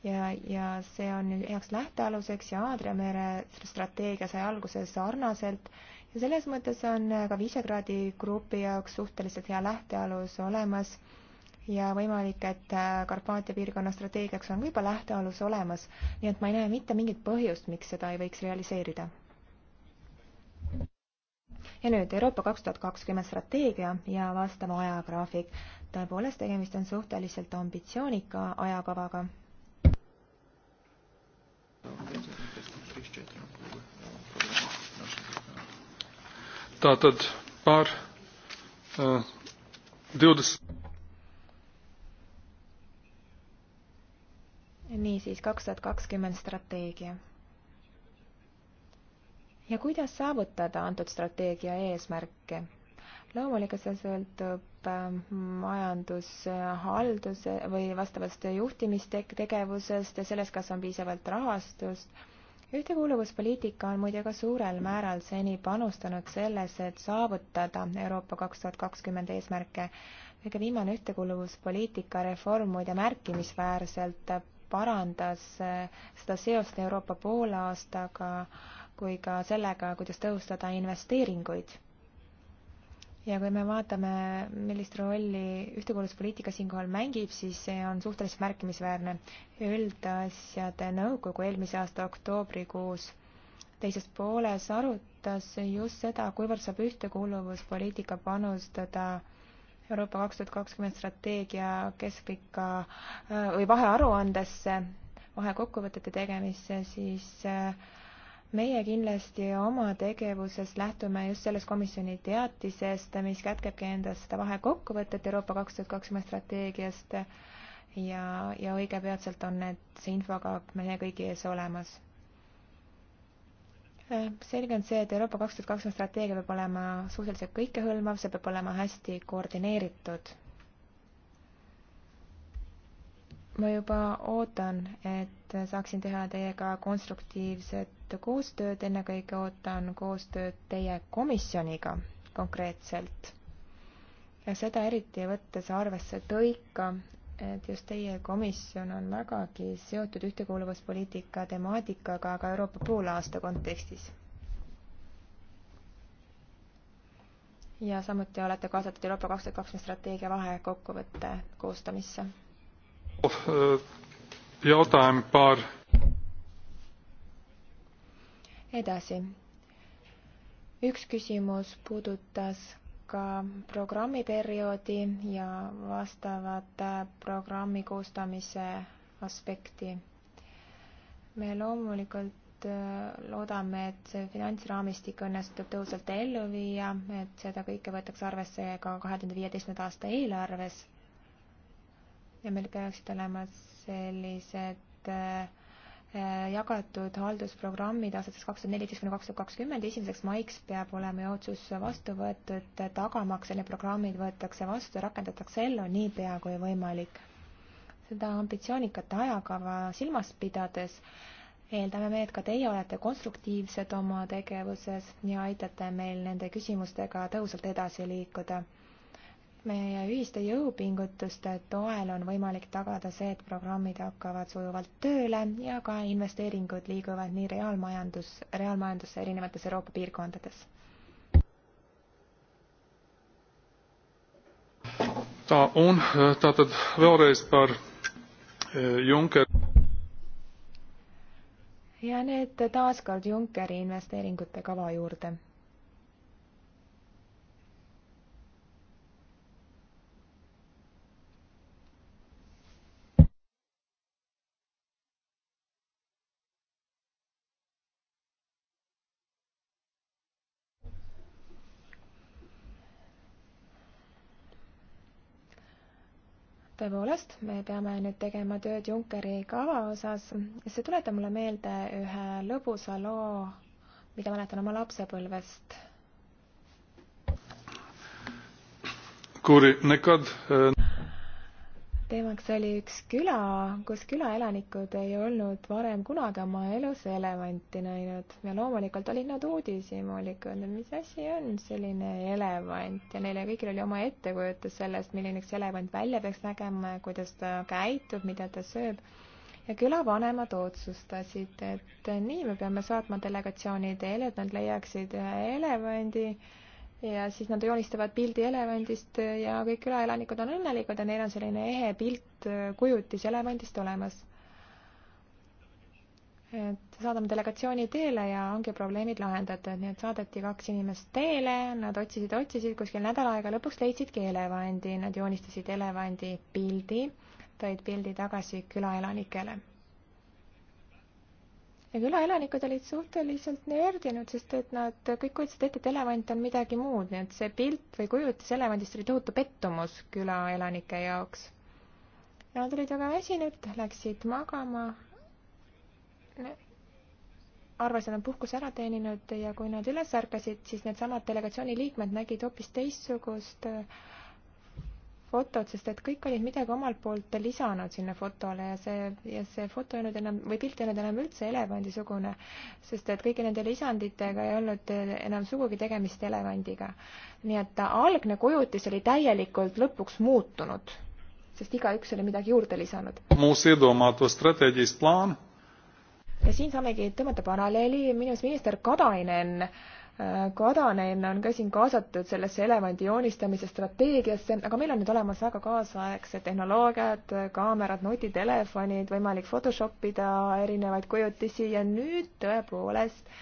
ja, ja see on heaks lähtealuseks ja Aadria mere strateegia sai alguse sarnaselt ja selles mõttes on äh, ka Visegradi grupi jaoks suhteliselt hea lähtealus olemas ja võimalik, et äh, Karpaatia piirkonna strateegiaks on ka juba lähtealus olemas, nii et ma ei näe mitte mingit põhjust, miks seda ei võiks realiseerida ja nüüd Euroopa kaks tuhat kakskümmend strateegia ja vastava ajagraafik. tõepoolest, tegemist on suhteliselt ambitsioonika ajakavaga. tātad pār uh, 20 niisiis kaks tuhat kakskümmend strateegia ja kuidas saavutada antud strateegia eesmärke? loomulikult see sõltub ähm, majandushalduse või vastavast juhtimistegevusest ja sellest, kas on piisavalt rahastust. ühtekuuluvuspoliitika on muide ka suurel määral seni panustanud sellesse, et saavutada Euroopa kaks tuhat kakskümmend eesmärke. kõige viimane ühtekuuluvuspoliitika reform muide märkimisväärselt parandas äh, seda seost Euroopa poolaastaga kui ka sellega, kuidas tõhustada investeeringuid. ja kui me vaatame, millist rolli ühtekuuluvuspoliitika siinkohal mängib, siis see on suhteliselt märkimisväärne. üldasjade nõukogu eelmise aasta oktoobrikuus teises pooles arutas just seda, kuivõrd saab ühtekuuluvuspoliitika panustada Euroopa kaks tuhat kakskümmend strateegia keskpika äh, või vahearuandesse, vahekokkuvõtete tegemisse, siis äh, meie kindlasti oma tegevuses lähtume just sellest komisjoni teatisest, mis kätkebki endas seda vahekokkuvõtet Euroopa kaks tuhat kakskümmend strateegiast ja, ja õige peatselt on need, see info ka meie kõigi ees olemas. selge on see, et Euroopa kaks tuhat kakskümmend strateegia peab olema suhteliselt kõikehõlmav, see peab olema hästi koordineeritud. ma juba ootan, et saaksin teha teiega konstruktiivset oodata koostööd, ennekõike ootan koostööd teie komisjoniga konkreetselt. ja seda eriti võttes arvesse tõika, et just teie komisjon on vägagi seotud ühtekuuluvuspoliitika temaatikaga ka Euroopa poolaasta kontekstis. ja samuti olete kaasatud Euroopa kaks tuhat kakskümmend strateegia vahekokkuvõtte koostamisse. Äh, ja otan paar edasi. üks küsimus puudutas ka programmiperioodi ja vastavat äh, programmi koostamise aspekti. me loomulikult äh, loodame, et see finantsraamistik õnnestub tõhusalt ellu viia, et seda kõike võetakse arvesse ka kahe tuhande viieteistkümnenda aasta eelarves. ja meil peaksid olema sellised äh, Äh, jagatud haldusprogrammid aastateks kaks tuhat neliteist kuni kaks tuhat kakskümmend, esimeseks maiks peab olema ju otsus vastu võetud, tagamaks, et need programmid võetakse vastu ja rakendatakse ellu niipea kui võimalik. seda ambitsioonikat ajakava silmas pidades eeldame me, et ka teie olete konstruktiivsed oma tegevuses ja aitate meil nende küsimustega tõhusalt edasi liikuda meie ühiste jõupingutuste toel on võimalik tagada see, et programmid hakkavad sujuvalt tööle ja ka investeeringud liiguvad nii reaalmajandus, reaalmajandusse erinevates Euroopa piirkondades. ta on eh, tātad vēlreiz par eh, Juncker. ja nüüd taaskord Junckeri investeeringute kava juurde tõepoolest, me peame nüüd tegema tööd Junckeri kava osas. see tuletab mulle meelde ühe lõbusa loo, mida mäletan oma lapsepõlvest. Kuri, nekad äh teemaks oli üks küla, kus külaelanikud ei olnud varem kunagi oma elus elevanti näinud ja loomulikult olid nad uudishimulikud, et mis asi on selline elevant ja neile kõigil oli oma ettekujutus sellest, milline üks elevant välja peaks nägema ja kuidas ta käitub, mida ta sööb. ja külavanemad otsustasid, et nii, me peame saatma delegatsiooni teele, et nad leiaksid ühe elevandi äh, ja siis nad joonistavad pildi elevandist ja kõik külaelanikud on õnnelikud ja neil on selline ehe pilt, äh, kujutis elevandist olemas. et saadame delegatsiooni teele ja ongi probleemid lahendatud, nii et saadeti kaks inimest teele, nad otsisid, otsisid kuskil nädal aega, lõpuks leidsidki elevandi, nad joonistasid elevandi pildi, tõid pildi tagasi külaelanikele ja külaelanikud olid suhteliselt nördinud, sest et nad kõik kujutasid ette, et elevant on midagi muud, nii et see pilt või kujutis elevandist oli tohutu pettumus külaelanike jaoks. ja nad olid väga väsinud, läksid magama. arvasid, et nad puhkuse ära teeninud ja kui nad üles ärkasid, siis needsamad delegatsiooni liikmed nägid hoopis teistsugust äh, fotod, sest et kõik olid midagi omalt poolt lisanud sinna fotole ja see, ja see foto ei olnud enam või pilt ei olnud enam üldse elevandisugune, sest et kõigi nende lisanditega ei olnud enam sugugi tegemist elevandiga. nii et algne kujutis oli täielikult lõpuks muutunud, sest igaüks oli midagi juurde lisanud. muuseas, oma strateegilist plaan ja siin saamegi tõmmata paralleeli minu arust minister Katainen Kadanen on ka siin kaasatud sellesse elevandi joonistamise strateegiasse, aga meil on nüüd olemas väga kaasaegsed tehnoloogiad, kaamerad, nutitelefonid, võimalik Photoshop ida erinevaid kujutisi ja nüüd tõepoolest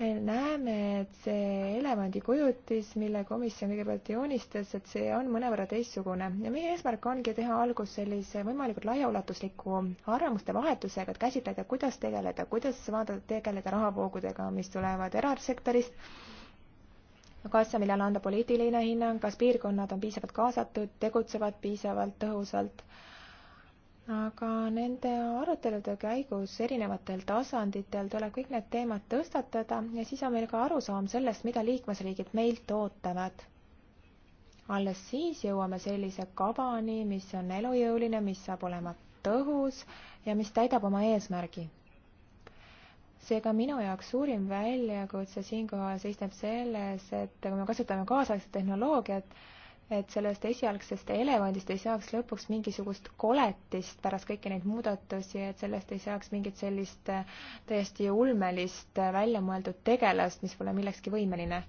me näeme, et see elevandi kujutis, mille komisjon kõigepealt joonistas, et see on mõnevõrra teistsugune ja meie eesmärk ongi teha algus sellise võimalikult laiaulatusliku arvamuste vahetusega, et käsitleda, kuidas tegeleda, kuidas vaadata, tegeleda rahavoogudega, mis tulevad erasektorist kas ja millal anda poliitiline hinnang, kas piirkonnad on piisavalt kaasatud, tegutsevad piisavalt tõhusalt aga nende arutelude käigus erinevatel tasanditel tuleb kõik need teemad tõstatada ja siis on meil ka arusaam sellest, mida liikmesriigid meilt ootavad. alles siis jõuame sellise kavani, mis on elujõuline, mis saab olema tõhus ja mis täidab oma eesmärgi. seega minu jaoks suurim väljakutse siinkohal seisneb selles, et kui me kasutame kaasaegset tehnoloogiat, et sellest esialgsest elevandist ei saaks lõpuks mingisugust koletist pärast kõiki neid muudatusi, et sellest ei saaks mingit sellist äh, täiesti ulmelist äh, väljamõeldud tegelast, mis pole millekski võimeline.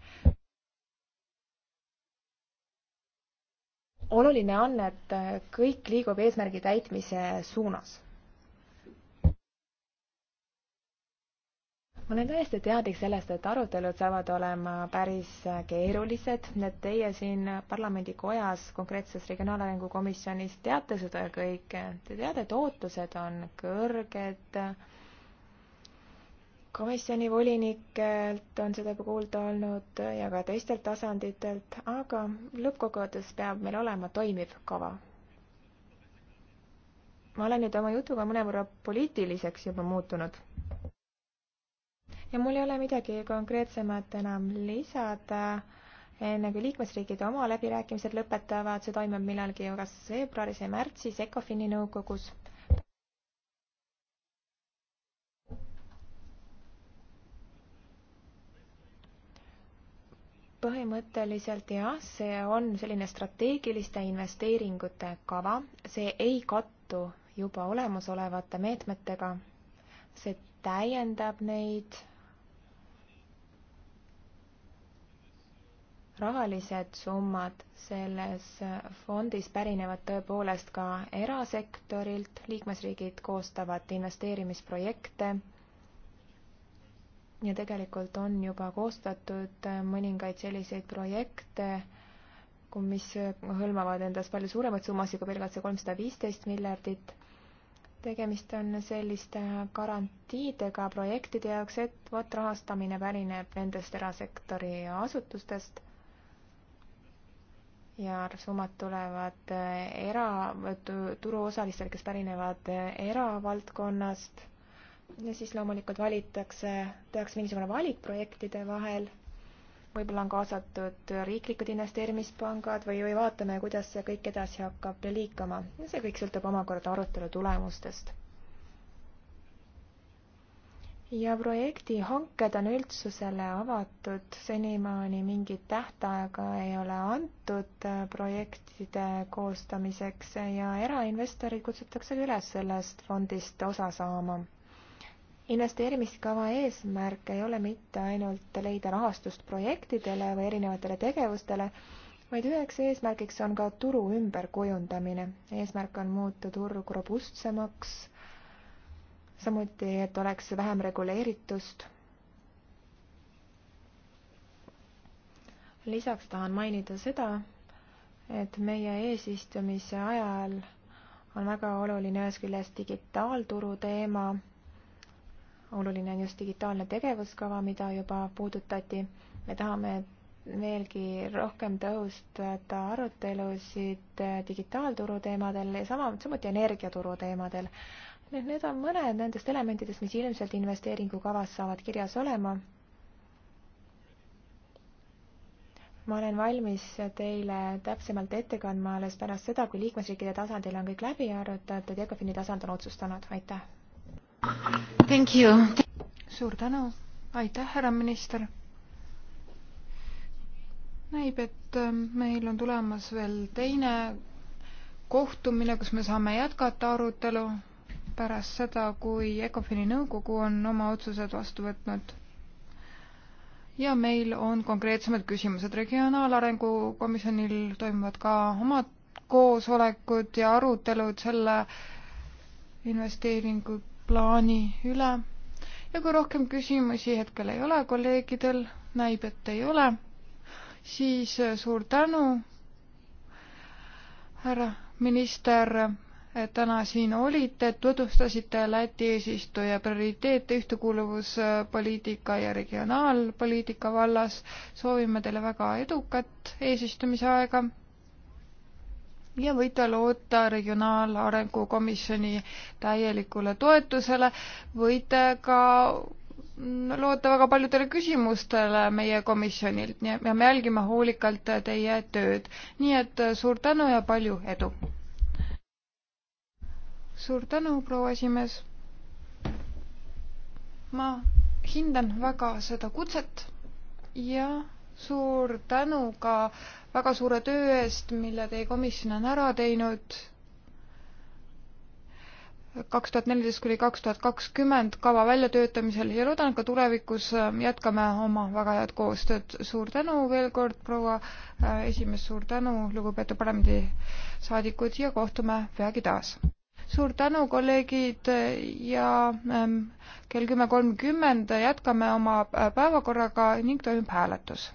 oluline on, et äh, kõik liigub eesmärgi täitmise suunas ma olen täiesti teadlik sellest, et arutelud saavad olema päris keerulised, et teie siin parlamendikojas, konkreetses Regionaalarengu komisjonis teate seda kõike, te teate, et ootused on kõrged, komisjoni volinikelt on seda juba kuulda olnud ja ka teistelt tasanditelt, aga lõppkokkuvõttes peab meil olema toimiv kava. ma olen nüüd oma jutuga mõnevõrra poliitiliseks juba muutunud ja mul ei ole midagi konkreetsemat enam lisada, enne kui liikmesriigid oma läbirääkimised lõpetavad, see toimub millalgi kas veebruaris ja märtsis ECOFIN-i nõukogus. põhimõtteliselt jah, see on selline strateegiliste investeeringute kava, see ei kattu juba olemasolevate meetmetega, see täiendab neid rahalised summad selles fondis pärinevad tõepoolest ka erasektorilt, liikmesriigid koostavad investeerimisprojekte ja tegelikult on juba koostatud mõningaid selliseid projekte, mis hõlmavad endas palju suuremaid summasid kui pelgalt see kolmsada viisteist miljardit. tegemist on selliste garantiidega projektide jaoks, et vot rahastamine pärineb nendest erasektori asutustest ja summad tulevad äh, era, turuosalistele, kes pärinevad äh, eravaldkonnast ja siis loomulikult valitakse, tehakse mingisugune valik projektide vahel, võib-olla on kaasatud riiklikud investeerimispangad või, või vaatame, kuidas see kõik edasi hakkab liikuma ja see kõik sõltub omakorda arutelu tulemustest ja projekti hanked on üldsusele avatud, senimaani mingit tähtaega ei ole antud äh, projektide koostamiseks ja erainvestorid kutsutaksegi üles sellest fondist osa saama. investeerimiskava eesmärk ei ole mitte ainult leida rahastust projektidele või erinevatele tegevustele, vaid üheks eesmärgiks on ka turu ümberkujundamine. eesmärk on muuta turg robustsemaks samuti, et oleks vähem reguleeritust. lisaks tahan mainida seda, et meie eesistumise ajal on väga oluline ühest küljest digitaalturu teema, oluline on just digitaalne tegevuskava, mida juba puudutati. me tahame veelgi rohkem tõhustada arutelusid digitaalturu teemadel ja sama, samuti energiaturu teemadel nüüd need on mõned nendest elementidest, mis ilmselt investeeringukavas saavad kirjas olema. ma olen valmis teile täpsemalt ette kandma alles pärast seda, kui liikmesriikide tasandil on kõik läbi arutatud ja ECOFIN-i tasand on otsustanud, aitäh. suur tänu, aitäh, härra minister. näib, et ähm, meil on tulemas veel teine kohtumine, kus me saame jätkata arutelu pärast seda, kui ECOFIN-i nõukogu on oma otsused vastu võtnud. ja meil on konkreetsemad küsimused. regionaalarengu komisjonil toimuvad ka omad koosolekud ja arutelud selle investeeringuplaani üle. ja kui rohkem küsimusi hetkel ei ole kolleegidel, näib, et ei ole, siis suur tänu, härra minister et täna siin olite, tutvustasite Läti eesistuja prioriteete ühtekuuluvuspoliitika ja regionaalpoliitika vallas. soovime teile väga edukat eesistumise aega ja võite loota Regionaalarengu Komisjoni täielikule toetusele, võite ka loota väga paljudele küsimustele meie komisjonilt ja me jälgime hoolikalt teie tööd. nii et suur tänu ja palju edu! suur tänu, proua esimees. ma hindan väga seda kutset ja suur tänu ka väga suure töö eest, mille teie komisjon on ära teinud. kaks tuhat neliteist kuni kaks tuhat kakskümmend kava väljatöötamisel ja loodan, et ka tulevikus jätkame oma väga head koostööd. suur tänu veel kord, proua äh, esimees, suur tänu, lugupeetud parlamendisaadikud ja kohtume peagi taas suur tänu, kolleegid ja ähm, kell kümme kolmkümmend jätkame oma äh, päevakorraga ning toimub hääletus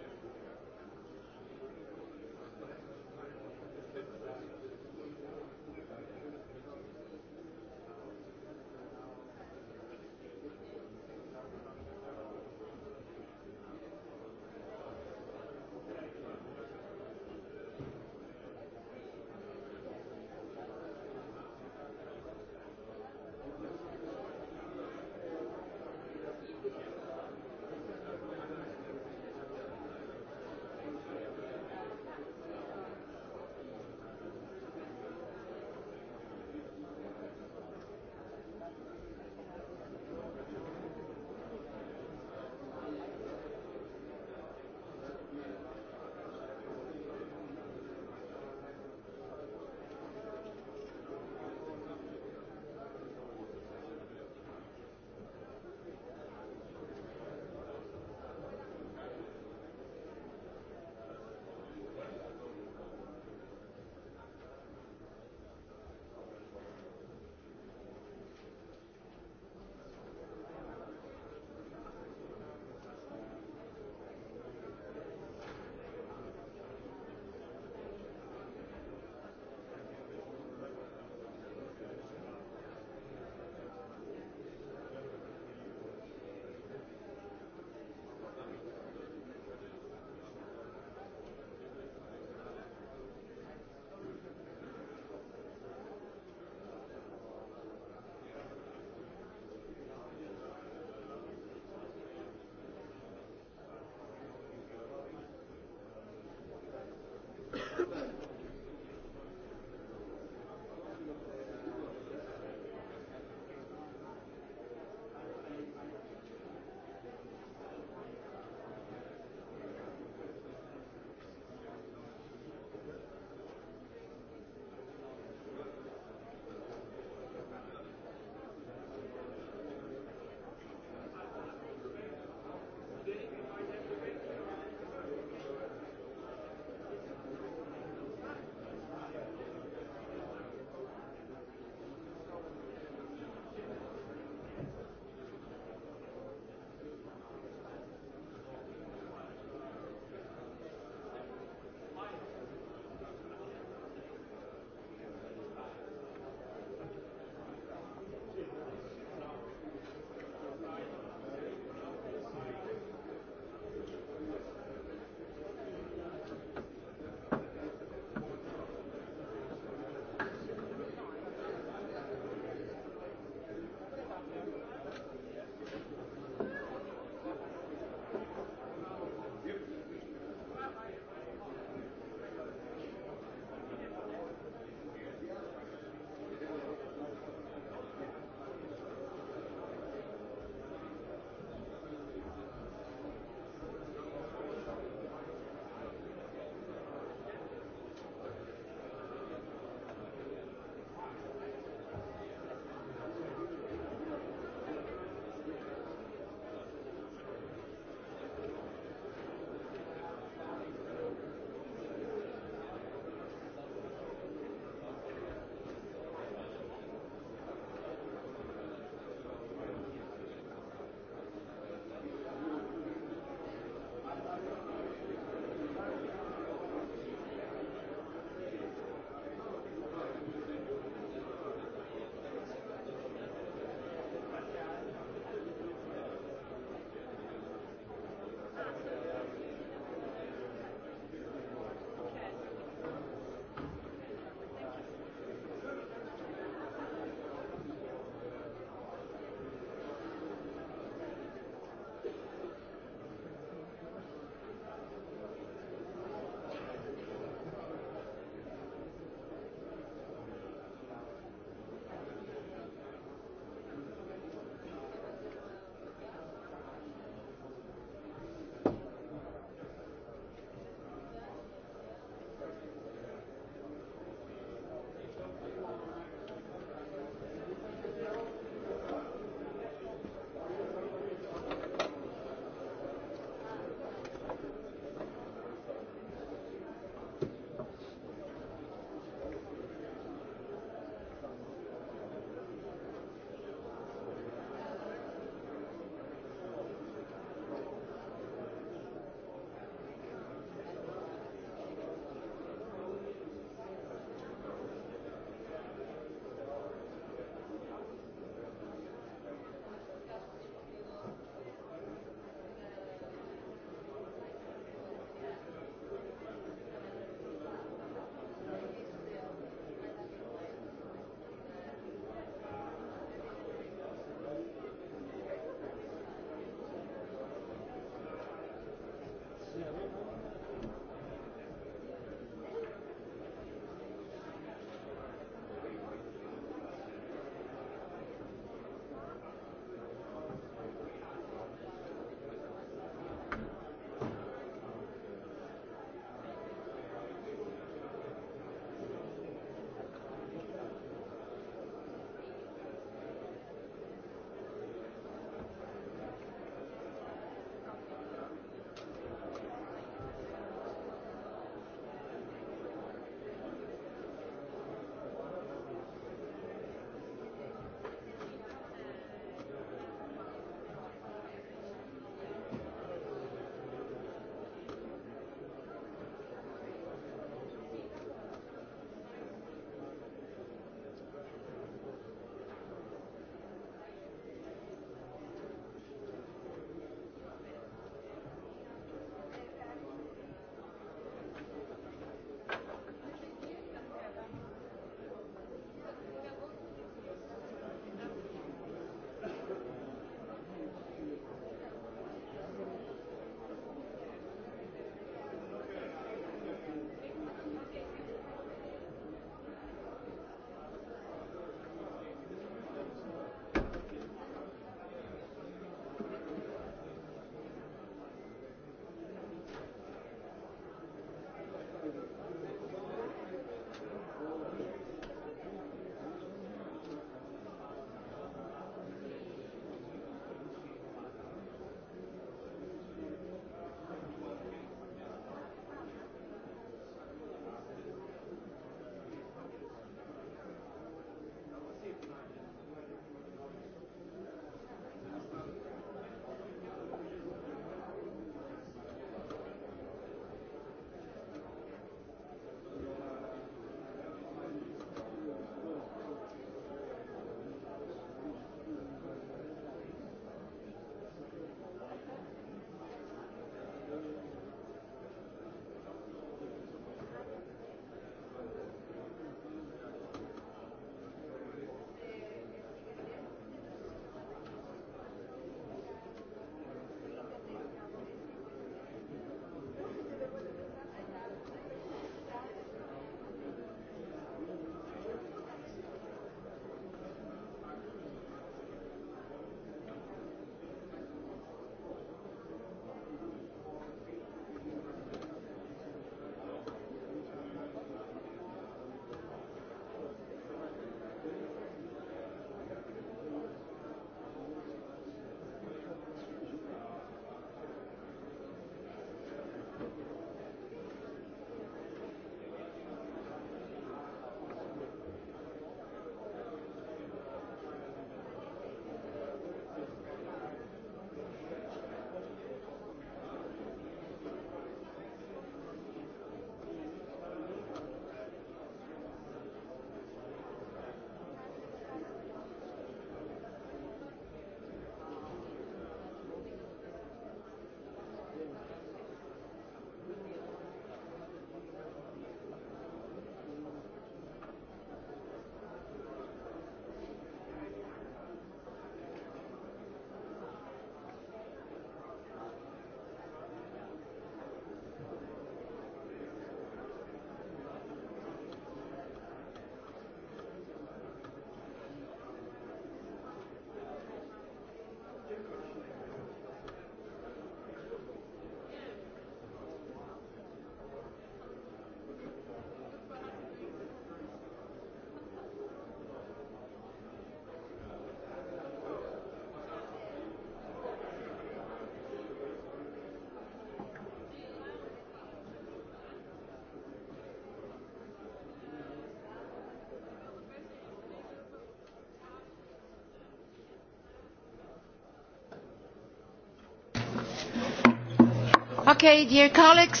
okay, dear colleagues.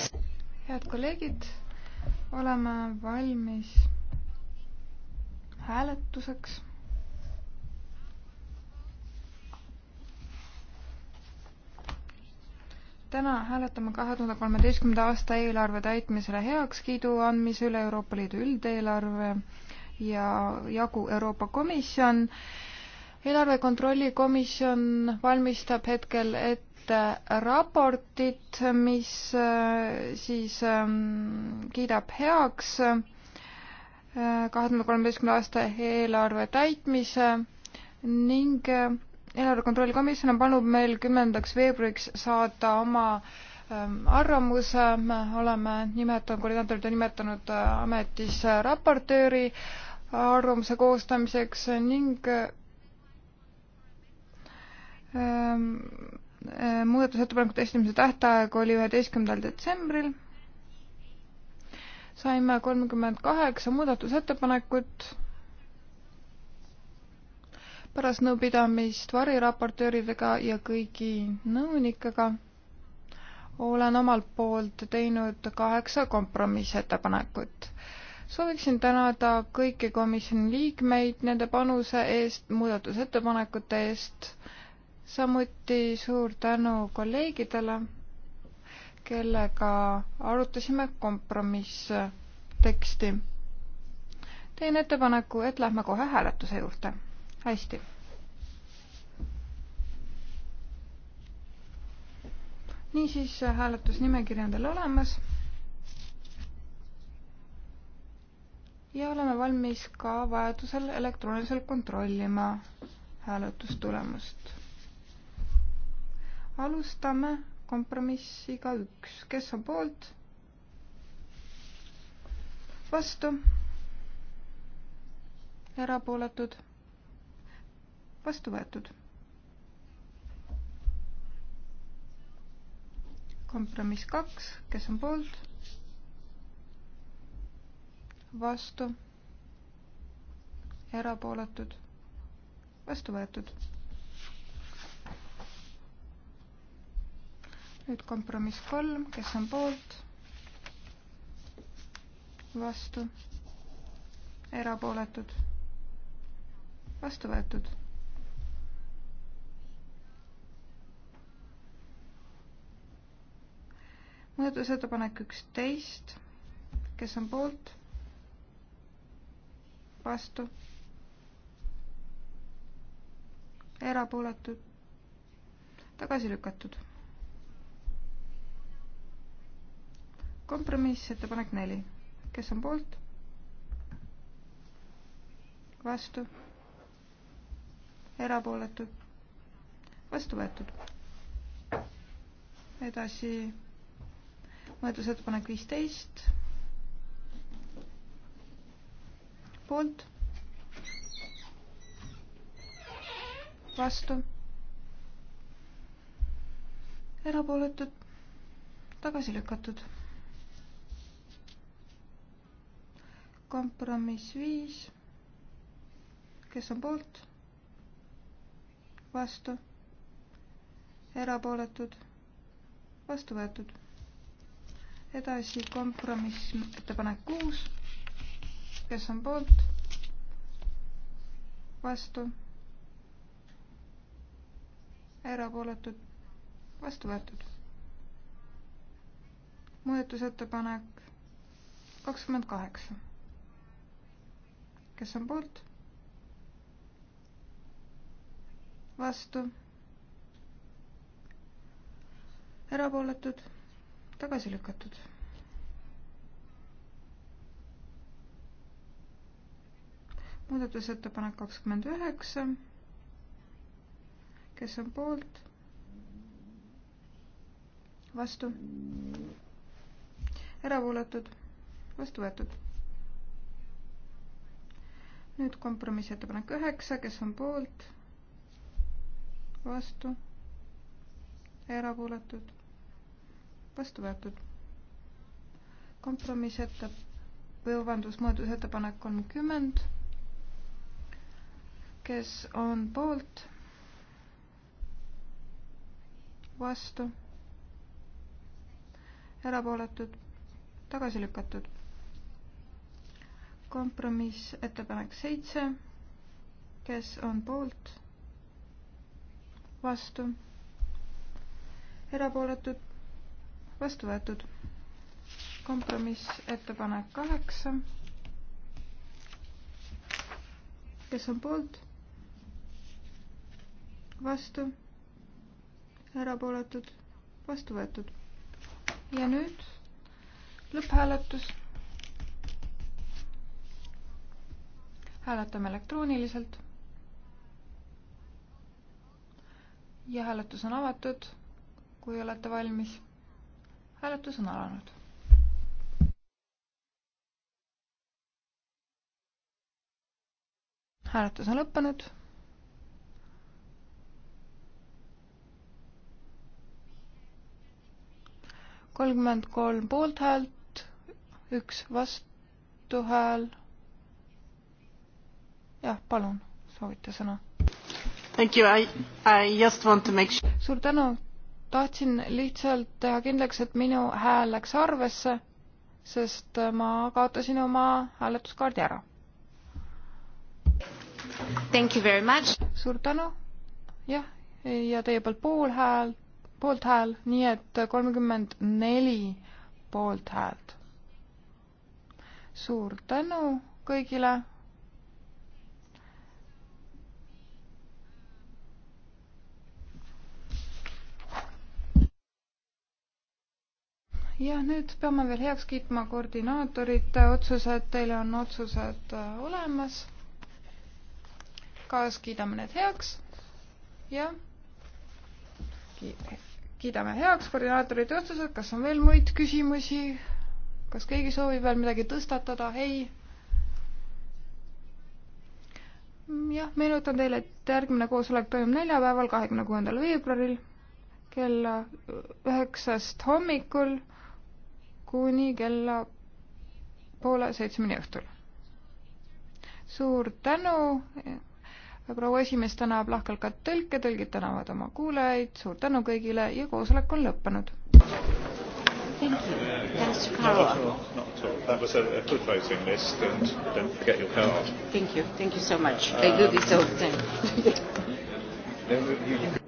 head kolleegid, oleme valmis hääletuseks. täna hääletame kahe tuhande kolmeteistkümnenda aasta eelarve täitmisele heakskiidu andmise üle Euroopa Liidu üldeelarve ja jagu Euroopa Komisjon. eelarve kontrolli komisjon valmistab hetkel ette ühte äh, raportit, mis äh, siis ähm, kiidab heaks äh, kahe tuhande kolmeteistkümne aasta eelarve täitmise ning eelarve kontrolli komisjon on pannud meil kümnendaks veebruariks saata oma ähm, arvamuse, me oleme nimetanud, koordinaatorid on nimetanud ametisse raportööri arvamuse koostamiseks ning ähm, Äh, muudatusettepanekute esimemise tähtaeg oli üheteistkümnendal detsembril. saime kolmkümmend kaheksa muudatusettepanekut. pärast nõupidamist variraportööridega ja kõigi nõunikega olen omalt poolt teinud kaheksa kompromissettepanekut sooviksin tänada kõiki komisjoni liikmeid nende panuse eest, muudatusettepanekute eest samuti suur tänu kolleegidele, kellega arutasime kompromissteksti. teen ettepaneku, et lähme kohe hääletuse juurde. hästi. niisiis, hääletusnimekiri on teil olemas. ja oleme valmis ka vajadusel elektrooniliselt kontrollima hääletustulemust alustame kompromissiga üks, kes on poolt? vastu? erapooletud? vastu võetud. kompromiss kaks, kes on poolt? vastu? erapooletud? vastu võetud nüüd kompromiss kolm, kes on poolt, vastu, erapooletud, vastu võetud. muudatusettepanek üksteist, kes on poolt, vastu, erapooletud, tagasi lükatud kompromissettepanek neli, kes on poolt? vastu? erapooletud? vastu võetud. edasi muudatusettepanek viisteist. poolt. vastu. erapooletud. tagasi lükatud kompromiss viis, kes on poolt, vastu, erapooletud, vastu võetud. edasi kompromiss, ettepanek kuus, kes on poolt, vastu, erapooletud, vastu võetud. muudatusettepanek kakskümmend kaheksa kes on poolt? vastu. erapooletud, tagasi lükatud. muudatusettepanek kakskümmend üheksa. kes on poolt? vastu. erapooletud, vastu võetud nüüd kompromissettepanek üheksa, kes on poolt, vastu, erapooletud, vastu võetud. kompromissettep-, või vabandust, muudatusettepanek kolmkümmend, kes on poolt, vastu, erapooletud, tagasi lükatud kompromiss, ettepanek seitse, kes on poolt, vastu, erapooletud, vastu võetud. kompromiss, ettepanek kaheksa, kes on poolt, vastu, erapooletud, vastu võetud. ja nüüd lõpphääletus hääletame elektrooniliselt. ja hääletus on avatud, kui olete valmis. hääletus on alanud. hääletus on lõppenud. kolmkümmend kolm poolthäält, üks vastuhääl jah, palun, soovite sõna? Sure... suur tänu, tahtsin lihtsalt teha kindlaks, et minu hääl läks arvesse, sest ma kaotasin oma hääletuskaardi ära. suur tänu, jah, ja teie poolt pool hääl, poolt hääl, nii et kolmkümmend neli poolt häält. suur tänu kõigile ja nüüd peame veel heaks kiitma koordinaatorite otsused, teil on otsused äh, olemas. kaas kiidame need heaks ja kiidame heaks koordinaatorite otsused, kas on veel muid küsimusi, kas keegi soovib veel midagi tõstatada, ei? jah, meenutan teile, et järgmine koosolek toimub neljapäeval, kahekümne kuuendal veebruaril kella äh, üheksast hommikul kuni kella poole seitsmeni õhtul. suur tänu, proua esimees tänab lahkelt ka tõlke, tõlgid tänavad oma kuulajaid, suur tänu kõigile ja koosolek on lõppenud. Thank you. Thanks, Carla. No, not at all. That was a, a good voting list, and don't forget your card. Thank you. Thank you so much. Um, I do this all the time. Um,